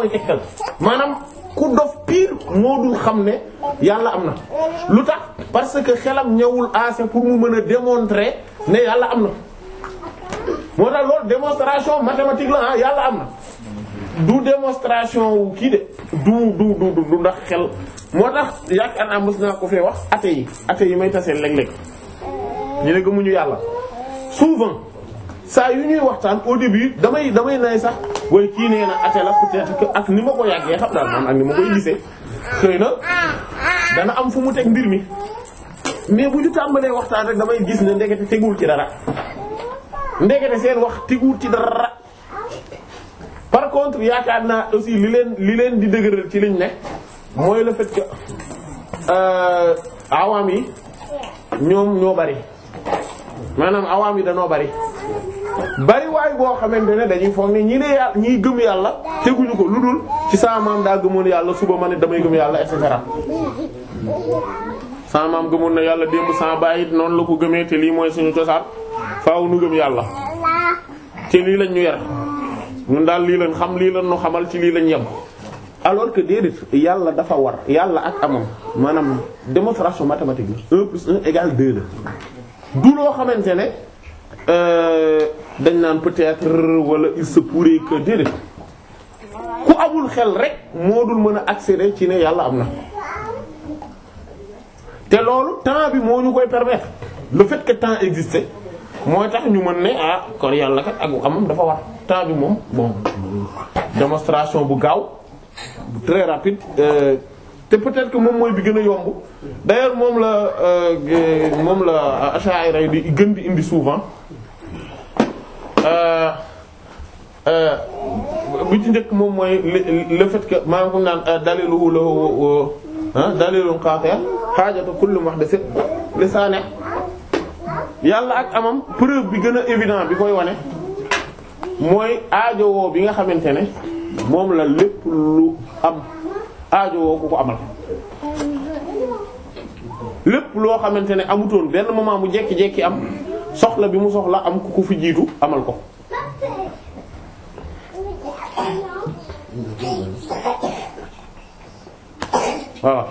maanaam ku dof xam ne yàlla am na lu tax que xelam ñëwul assez pour mu mën a démontrer ne yàlla am na moo tax loolu démonstration mathématique la ah yàlla am na du démonstration wu kii de du du du du ndax xel moo tax yaakaar naa mës naa ko fee wax athée yi athée yi may tasee léeg-léeg ñu ne gëmuñu yàlla souvent saa yu ñuy waxtaan au damay damay nay sax way kii nee la peut ak ni ma ko yàggee xam daal man ak ni ma koy gisee xëy na dana am fu mu teg mbir mi mais bu ñu tàmbalee waxtaan rek damay gis ne ndekete tegul ci dara ndekete seen wax tegul ci dara. par contre yaakaar naa aussi li leen li leen di dëgëral ci liñ ne mooy le fait que euh, awaam yi ñoom ñoo bari maanaam awaam yi dañoo bari bari waay boo xamante ne dañuy foog ne ñi ne yàlla ñiy gëm yàlla teguñu ko lu dul ci sama maam daa gëmoon yàlla suba ma ne damay gëm yàlla et cetera sama maam gëmoon na yàlla démb saa baay noonu la ko gëmee te lii mooy suñu cosaan faaw nu gëm yàlla te lii lañ ñu yar ñun daal lii lañ xam lii lan nu xamal ci lii lañ yem alors que déedéet yàlla dafa war yàlla ak amam maanaam démonstration mathématique la 1 plus 1 égale 2 la du loo xamante ne euh, dañ naan peut-être wala il se pourrait que déedéet ku amul xel rek moo dul mën a accéder ci ne yàlla am na te loolu temps bi moo ñu koy permettre le fait que temps existait mooy tax ñu mën ne ah kon yàlla kat ak amam dafa wax temps moom bon démonstration bu gaaw très rapide euh, te peut-être que moom mooy bi gën a yomb d'ailleurs moom la euh, moom la Ash'ari yi di gën di indi souvent euh, bi ci njëkk moom mooy le fait que maanaam ko naan daliluhu lahu dalilun qati' hajatu kulli muhdathin li sani' yàlla ak amam preuve bi gën a évident bi koy wane mooy aajowoo bi nga xamante ne moom la lépp lu am aajowoo ku ko amal lépp loo xamante ne amutoon benn moment mu jekki-jekki am soxla bi mu soxla am ku ko fi jiitu amal ko waaw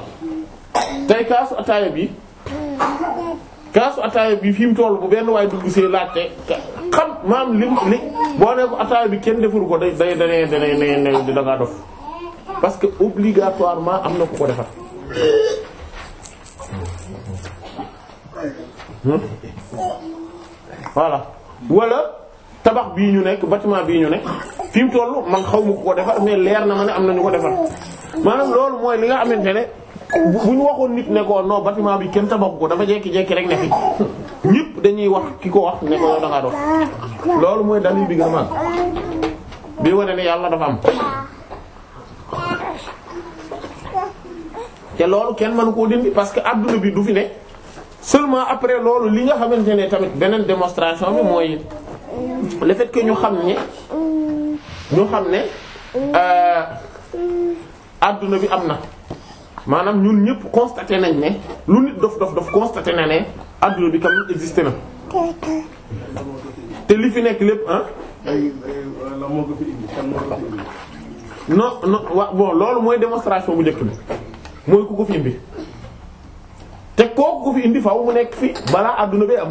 tey kaasu ataaya bi kaasu ataaya bi fi mu toll bu benn waaye dugg see laajte xam maam lim li boo ne ko ataaya bi kenn defuru ko day day day day day da ngaa dof parce que obligatoirement am na ku ko defar. Hmm? voilà wala tabax bii ñu nekk bâtiment bii ñu nekk fi mu toll man xaw ma ku ko defar mais leer na ma ne am na ñu ko defar maanaam loolu mooy li nga xamante ne. bu ñu waxoon nit ne ko non bâtiment bi kenn tabaxu ko dafa jékki-jékki rek ne fi dañuy wax ki ko wax ne ko yow da loolu mooy dalil bi gën a mag bii wane ne yàlla dafa am. te loolu kenn mënu koo dindi parce que adduna bi du fi ne seulement après loolu li nga xamante ne tamit beneen démonstration bi mooy le fait que ñu xam ne ñu xam ne àdduna euh, bi am na. maanaam ñun ñëpp constaté nañ ne lu nit dof dof dof constaté na ne adduna bi tamit existé na. te li fi nekk lépp ah. non non bon loolu mooy démonstration bu njëkk bi mooy ku ko fi indi te kooku ko fi indi faaw mu nekk fi balaa adduna bee am.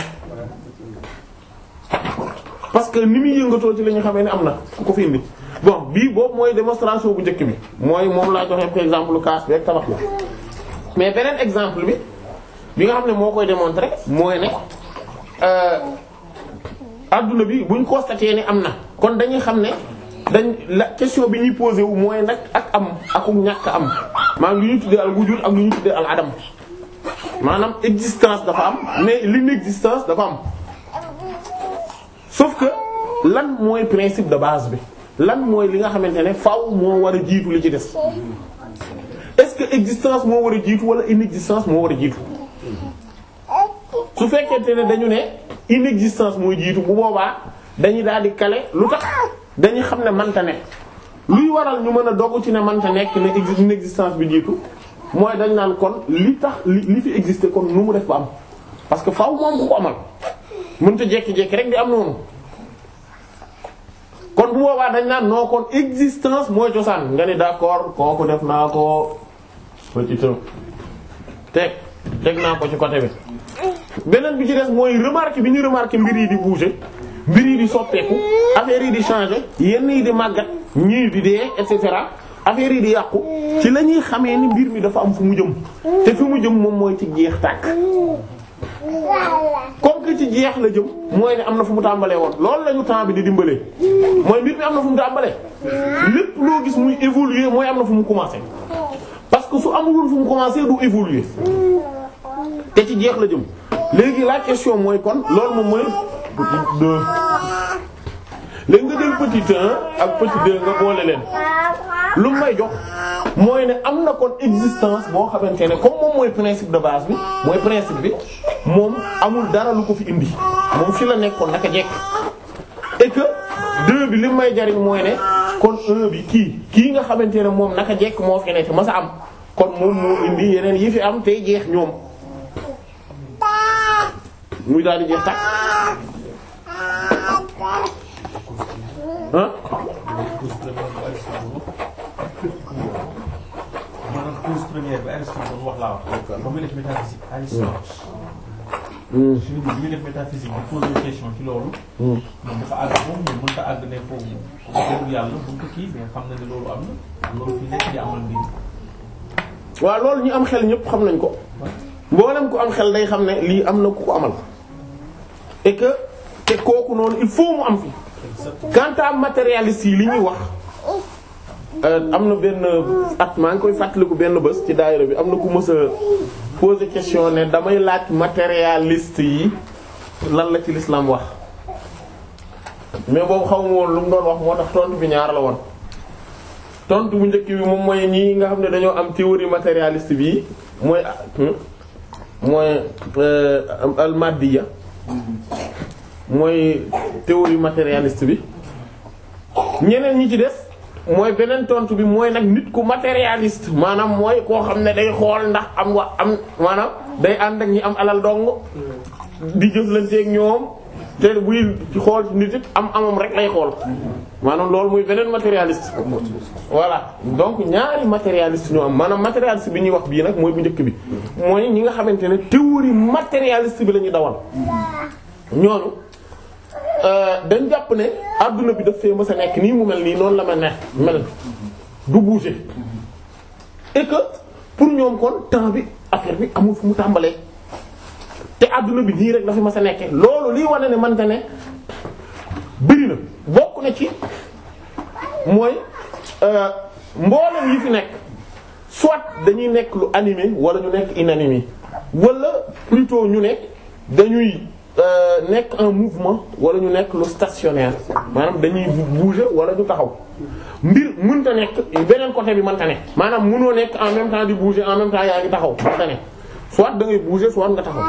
parce que ni muy yëngatoo ci la ñu xamee ne am na ku ko fi indi. bon bii boobu mooy démonstration bu njëkk bi mooy moom laa joxe par exemple kaas bi ak tabax bi mais beneen exemple bi bi nga xam ne moo koy démontrer mooy ne àdduna euh, bi buñ constaté ne am na kon dañuy xam ne dañ la question bi ñuy posé wu mooy nag ak am akum ñàkk am maanaam lu ñu tuddee al wujud ak lu ñu tuddee al adam maanaam existence dafa am mais l'inexistence dafa am sauf que lan mooy principe de base bi lan mooy li nga xamante ne faaw moo war a jiitu li ci des est-ce que existence moo war a jiitu wala inexistence moo war a jiitu su fekkente ne dañu ne inexistence mooy jiitu bu boobaa dañuy daal di kale lu tax dañuy xam ne manta nekk luy waral ñu mën a dogg ci ne manta nekk ne exi inexistence bi jiitu mooy dañ naan kon li tax li li fi exister kon nu mu def ba am parce que faaw moom ku ko amal mënta jekki-jekki rek di am noonu. kon bu boobaa dañ naan non kon existence mooy cosaan nga ni d'accord kooku def naa ko petit teg teg naa ko ci côté bi beneen bi ci des mooy remarque bi ñu remarque mbir yi di bouger mbir yi di soppeeku affaire yi di changer yenn yi di màggat ñii di dee et cetera affaire yi di yàqu ci la ñuy xamee ni mbir mi dafa am fu mu jëm te fu mu jëm moom mooy ci jeex tàkk comme que ci jeex la jëm mooy ne am na fu mu tàmbalee woon loolu lañu temps bi di dimbalee mooy mbir mi am na fu mu tàmbalee lépp loo gis muy évoluer mooy am na fu mu commencer parce que su amul fu mu commencer du évoluer te ci jeex la jëm léegi la question mooy kon loolu moom mooy léegi nga jël petit un ak petit deux nga boole leen lu may jox mooy ne am na kon existence boo xamante ne comme moom mooy principe de base bi mooy principe bi moom amul dara lu ko fi indi moom fi la nekkoon naka jekk et que deux bi li may jariñ mooy ne kon un bi kii kii nga xamante ne moom naka jekk moo fi nekk ma sa am kon moom moo indi yeneen yi fi am tey jeex ñoom muy daal di jeex tak ah. maanaam cause première bi Aristote doon wax laa wax. bi muy def métaphysique di poser question ci loolu. moom dafa àgg foofu moom mënut a àgg ne foofu moom yàlla kii mais xam na ne loolu am na loolu fi nekk di amal mbir. waaw loolu ñu am xel ñëpp xam nañ ko. mboolem ko am xel day xam ne lii am na ku ko amal et te kooku noonu il faut mu am fi quant à yi li ñuy wax euh, am na benn at maa ngi koy fàttaliku benn bés ci daayira bi am na ku mës a question ne damay laaj matérialiste yi lan la ci l'islam wax mais boobu xaw ma woon lu mu doon wax moo tax tontu bi ñaar la woon tontu bu njëkk bi moom mooy ñii nga xam ne dañoo am théorie matérialiste bi mooy hmm, mooy euh, al maddiya mooy théorie matérialiste bi ñeneen ñi ci des mooy beneen tontu bi mooy nag nit ku matérialiste maanaam mooy koo xam ne day xool ndax am wa am maanaam day ànd ak ñi am alal dong di jëflanteeg ñoom te buy xool nit it am amam rek lay xool maanaam loolu muy beneen matérialiste. voilà donc ñaari matérialiste ñoo am maanaam matérialiste bi ñuy wax bii nag mooy bu njëkk bi mooy ñi nga xamante ne théorie matérialiste bi lañuy dawal ñooñu. Euh, dañ jàpp ne adduna bi daf fee masa nekk nii mu mel nii noonu la ma nekk mel du bouger et que pour ñoom kon temps bi affaire bi amul fu mu tàmbalee te adduna bi nii rek la fi mës a nekkee loolu liy wane ne man ne bëri na bokk na ci mooy euh, mboolem yi fi nekk soit dañuy nekk lu animé wala ñu nekk inanimé wala plutôt ñu ne dañuy. Euh, nekk un mouvement wala ñu nekk lu stationnaire maanaam dañuy bouger wala ñu taxaw mbir mënta nekk beneen côté bi mënta ne maanaam mënoo nekk en même temps di bouger en même temps yaa ngi taxaw mënta ne soit da ngay bouger soit nga taxaw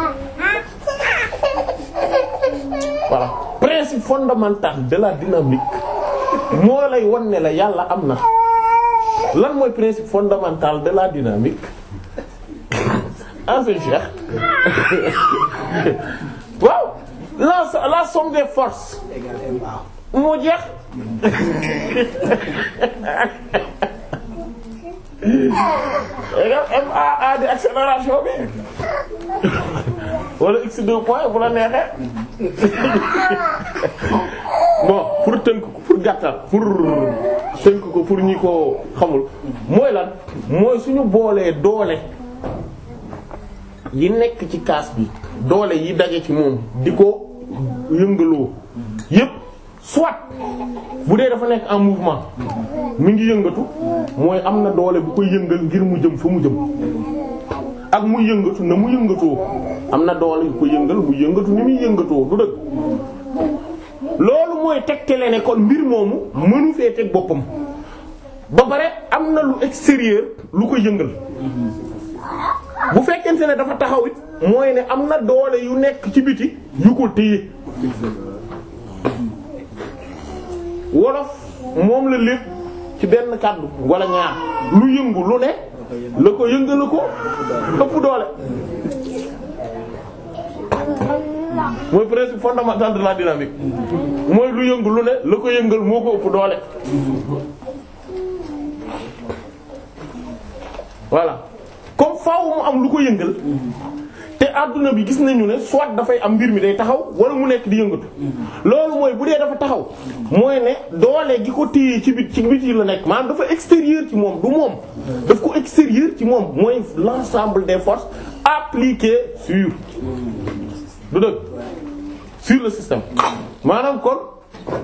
voilà principe fondamental de la dynamique moo lay won ne la yàlla am na lan mooy principe fondamental de la dynamique en fait waaw la la somme des forces. moo jeex. égal MAA di accélération bi wala x deux point bu la neexee bon pour tënk ko pour gàttal pour tënk ko pour ñi ko xamul mooy lan mooy suñu boolee doole yi nekk ci kaas bi doole yi daje ci moom di ko yëngaloo yépp soit bu dee dafa nekk en mouvement mi ngi yëngatu mooy am na doole bu koy yëngal ngir mu jëm fa mu jëm ak mu yëngatu na mu yëngatoo am na doole bu koy yëngal mu yëngatu ni muy yëngatoo du dëgg loolu mooy tegtale ne kon mbir moomu mënu fee teg boppam ba pare am na lu extérieur lu ko yëngal bu fekkente ne dafa taxaw mooy ne am na doole yu nekk ci biti yu ko téye wolof moom la lépp ci benn kàddu wala ñaar lu yëngu lu ne la ko yëngala ko ëpp doole mooy principe fondamental de la dynamique mooy lu yëngu lu ne la ko yëngal moo ko ëpp doole voilà comme faw mu am lu ko yëngal te adduna bi gis nañu ne soit dafay am mbir mi day taxaw wala mu nekk di yëngatu loolu mooy bu dee dafa taxaw mooy ne doole gi ko téye ci bit ci biti la nekk maanaam dafa extérieur ci moom du moom daf ko extérieur ci moom mooy l'ensemble des forces appliquées sur du dëgg le système maanaam kon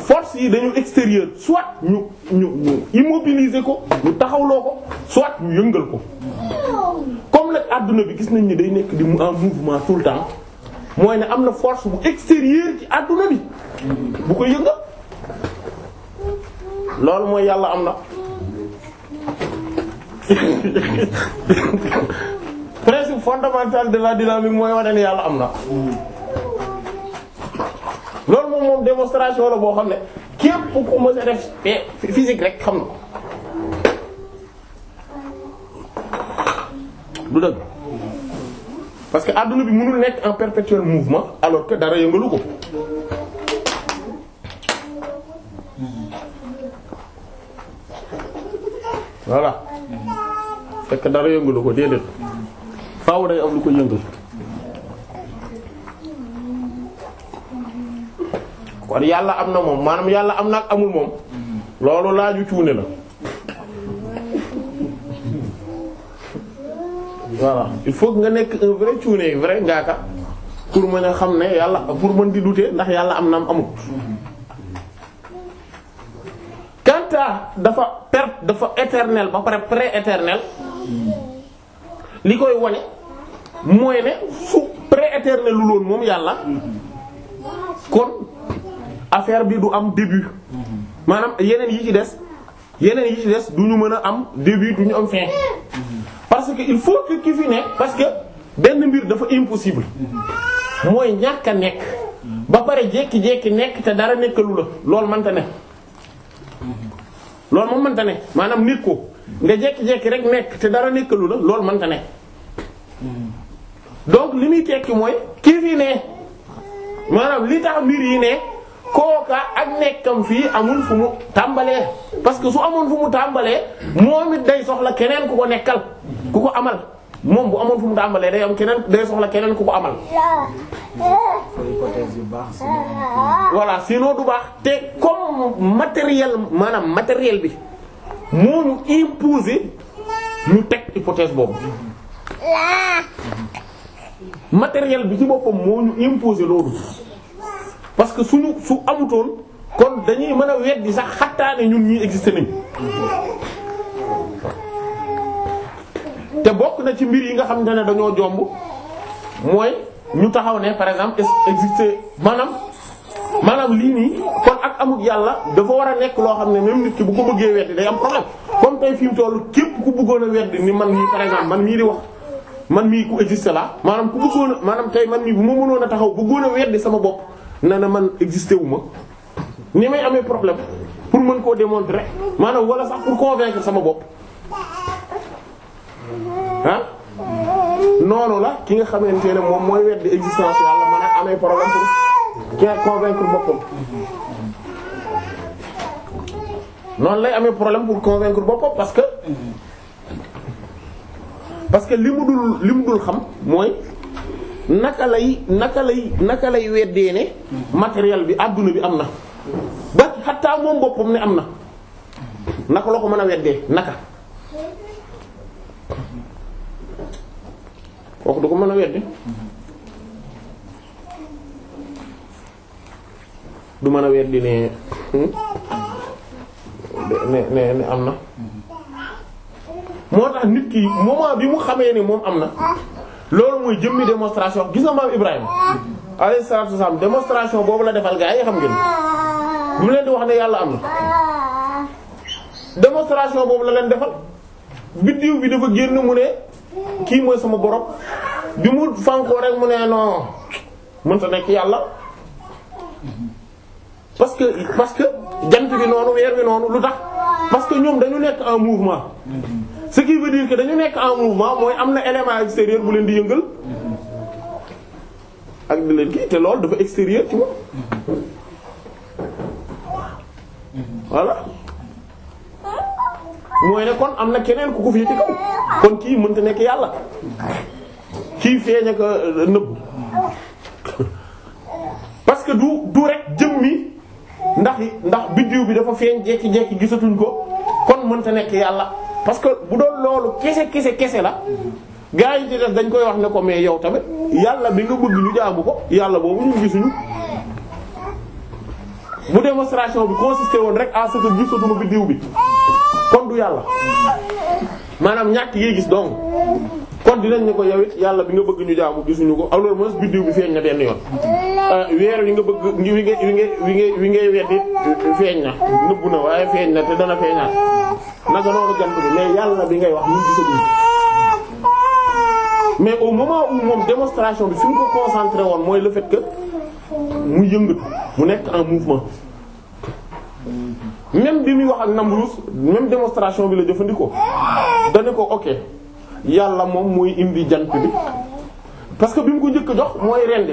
force yi dañu extérieur soit ñu ñu ñu immobiliser ko ñu taxawloo ko soit ñu yëngal ko comme nag àdduna bi gis nañ ni day nekk di en mouvement tout temps mooy ne am na force bu extérieure ci adduna bi bu ko yënga loolu mooy yàlla am na principe fondamental de la dynamique mooy am na loolu moom moom démonstration la boo xam ne képp ku mës a def eh, physique rek xam na lu dëgg parce que àdduna bi mënul nekk en perpétuel mouvement alors que dara yëngalu ko voilà fekk dara yëngalu ko déedéet faaw day am lu ko yëngal kon yàlla am na moom maanaam yàlla am na ak amul moom loolu laaju cuune la voilà il faut nga nekk un vrai cuune vrai ngaaka pour mën a xam ne yàlla pour mën di douter ndax yàlla am na am amut. quant dafa per dafa éternel ba pare pré éternel li koy wone mooy ne fu pré éternel lu moom yàlla kon affaire bi du am début maanaam yeneen yi ci des yeneen yi ci des du ñu mën a am début du ñu am fin. parce que il faut que ki fi nekk parce que benn mbir dafa impossible mooy ñàkk a nekk ba pare jékki-jékki nekk te dara nekkalu la loolu mënta ne loolu moom mënta ne maanaam nit ko nga jékki-jékki rek nekk te dara nekkalu la loolu manta ne donc li muy tekki mooy kii fi ne maanaam li tax mbir yi ne kooka ak nekkam fii amul fu mu tàmbalee parce que su amoon fu mu tàmbalee moom it day soxla keneen ku ko nekkal ku ko amal moom bu amoon fu mu tàmbalee day am keneen day soxla keneen ku ko amal. voilà sinon du baax te comme matériel maanaam matériel bi moo ñu imposer ñu teg hypothèse boobu. matériel bi ci boppam moo ñu imposer loolu. parce que suñu su amutoon kon dañuy mën a weddi sax xattaa ne ñun ñii existé nañ te bokk na ci mbir yi nga xam ne dañoo jomb mooy ñu taxaw ne par exemple existé maanaam maanaam lii nii kon ak amut yàlla dafa war a nekk loo xam ne même nit ki bu ko bëggee weddi day am problème comme tey fi mu toll képp ku bëggoon a weddi ni man mii par exemple man mii di wax man mii ku existé la maanaam ku bëggoon a maanaam tey man mii bu ma mënoon a taxaw bëggoon a weddi sama bopp na man existé wu ma ni may amee problème pour mën koo démontrer maanaam wala sax pour convaincre sama bopp ah noonu la ki nga xamante ne moom mooy di existence yàlla mën a amee problème pour ki convaincre boppam noonu lay amee problème pour convaincre boppam parce que parce que li mu dul li mu dul xam mooy naka lay naka lay naka lay weddee ne matériel bi àdduna bi am na ba xattaa moom boppam ne am na naka la ko mën a weddee naka kooku du ko mën a weddi du mën a weddi ne hmm? ne ne am na moo tax nit ki moment bi mu xamee ni moom am na loolu mooy jëmmi démonstration gis na maam Ibrahima alayhi salaatu wasalaam démonstration boobu la defal gaa yi xam ngeen bu mu leen di wax ne yàlla am na démonstration boobu la leen defal biddiw bi dafa génn mu ne kii mooy sama borom bi mu fànkoo rek mu ne non mënta nekk yàlla parce que parce que jant bi noonu weer bi noonu lu tax parce que ñoom dañu nekk en mouvement ce qui veut dire que dañu nekk en mouvement mooy am na élément extérieur bu leen di yëngal ak di leen kii te loolu dafa extérieur ci moom voilà mooy ne kon am na keneen ku ko fii ci kaw kon kii mënta nekk yàlla kii feeñ ak euh, nëbb parce du du rek jëm mi ndax ndax biddiw bi dafa feeñ jekki jekki gisatuñ ko kon mënta nekk yàlla parce que bu doon loolu kese kese kese la gaa yi ci def dañ koy wax ne ko mais yow tamit yàlla bi nga bëgg ñu jaamu ko yàlla boobu ñu gisuñu bu démonstration bi consisté woon rek à ce que gisatuma biddiw bi kon du yàlla maanaam ñàkk yi gis donc kon dinañ ne ko yow it yàlla bi nga bëgg ñu jaamu gisuñu ko alors moins biddiw bi feeñ na benn yoon euh, weer wi nga bëgg wi nga wi nga wi nga wi ngay weddi feeñ na nëbbu na waaye feeñ na te dana feeñaat naka noonu jant bi mais yàlla bi ngay wax ñun mais au moment où bi fi mu ko concentré woon mooy le fait que mu yëngatu mu nekk en mouvement même bi muy wax ak Namrus même bi la jëfandikoo dana ko ok yàlla moom mooy indi jant bi parce que bi mu ko njëkk jox mooy rendi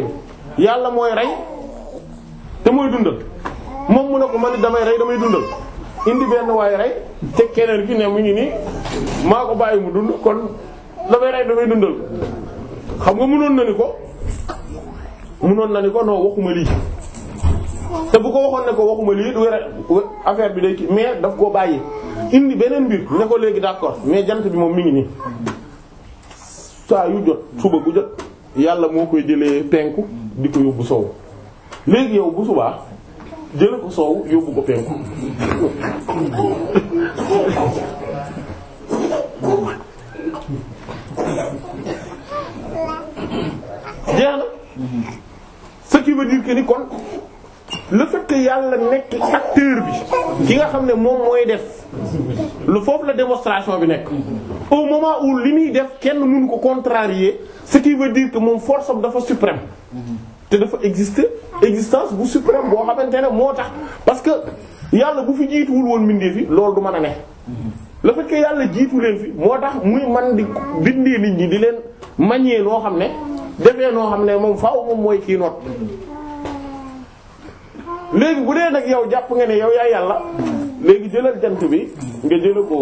bi yàlla mooy rey te mooy dundal moom mu ne ko man damay rey damay dundal indi benn waay rey te keneen ki mu ngi nii maa ko bàyyi mu kon damay rey damay dundal xam nga mënoon na ni ko mënoon na ni ko non waxuma lii te bu ko waxoon ne ko waxuma lii du affaire bi day kii mais daf koo bàyyi indi beneen mbir ne ko léegi d'accord mais jant bi moom mi ngi nii. saa yu jot suba gu jot yàlla moo koy jëlee penku di ko yóbbu sow léegi yow bu subaa jële ko sow yóbbu ko penku jeex na ce qui dire que ni kon le fait yàlla nekk acteur bi ki nga xam ne moom mooy def lu foofu la démonstration bi nekk au moment où li muy def kenn mënu ko contrarier ce qui veut moom force am dafa suprême te dafa existe existence bu suprême boo xamante ne moo tax parce que yàlla bu fi jiituwul woon mbindee fi loolu du mën a ne le fait yàlla jiitu leen fi moo tax muy man di bindee nit ñi di leen mañee noo xam ne defee noo xam ne moom faaw moom mooy kii noot léegi bu dee nag yow jàpp nga ne yow yaa yàlla léegi jëlal jant bi nga jële ko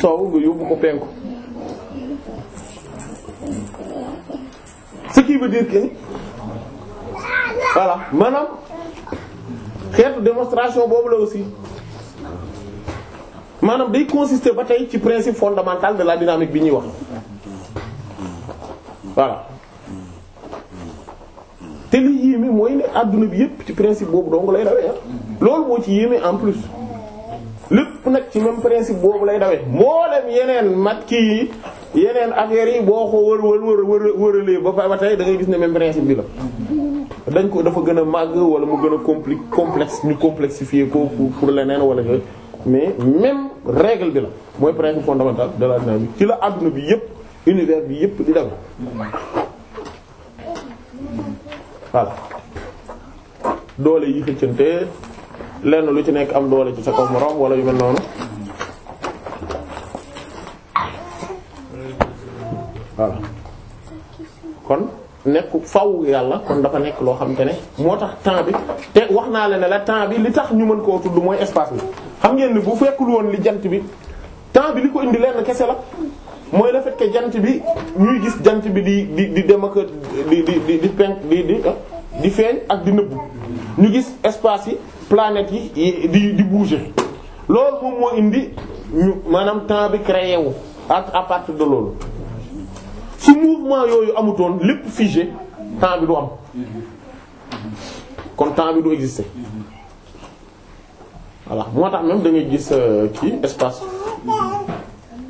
sow nga yóbbu ko penku ce qui veut dire que voilà maanaam xeetu démonstration boobu la aussi maanaam day consister ba tey ci principe fondamental de la dynamique bi ñuy wax voilà te li yéeme mooy ne àdduna bi yépp ci principe boobu dong lay rawee ah. loolu moo ci yéeme en plus lépp nag ci même principe boobu lay dawee mboolem yeneen mat kii yi yeneen affaires yi boo ko wër wër wër wëralee ba ba tey da ngay gis ne même principe bi la. dañ ko dafa gën a màgg wala mu gën a compli complexe ñu complexifier ko pour pour leneen wala yooyu mais même règle bi la mooy principe fondamental de la dynamique ci la adduna bi yépp univers bi yépp di dawee voilà doole yi xëccante. lenn lu ci nekk am doole ci sa kaw moroom wala yu mel noonu voilà kon nekk faw yàlla kon dafa nekk loo xamante ne moo tax temps bi te wax naa la ne la temps bi li tax ñu mën koo tudd mooy espace bi xam ngeen ni bu fekkul li jant bi temps bi li ko indi lenn kese la mooy le jant bi ñuy gis jant bi di di di dem ak di di di di penk di di ah. di feeñ ak di nëbbu ñu gis espace yi planètes yi di di bouger loolu moom moo indi ñu maanaam temps bi créé wu ak à partir de loolu su mouvement yooyu amutoon lépp figé temps bi du am kon temps bi du exister voilà moo tax même da gis euh, kii espace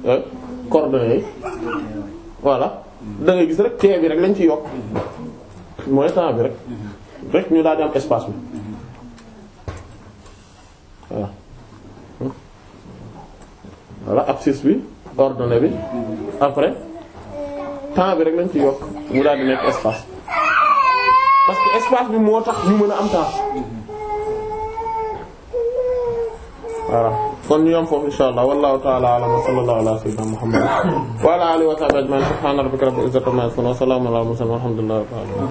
euh, coordonnées yi voilà da ngay gis rek tee bi rek lañ ci yokk mooy temps bi mhm. rek ñu daal di am espace bi voilà voilà abscisse bi ordonnée bi mhm. après temps bi rek lañ ci yokk mu daal di nekk espace parce que espace bi moo tax ñu mën a am temps mhm. voilà kon ñu yam foofu insha allah wallahu ta'ala a'lam wa sallallahu ala sayyidina muhammad wa ala alihi wa sahbihi ajma'in subhana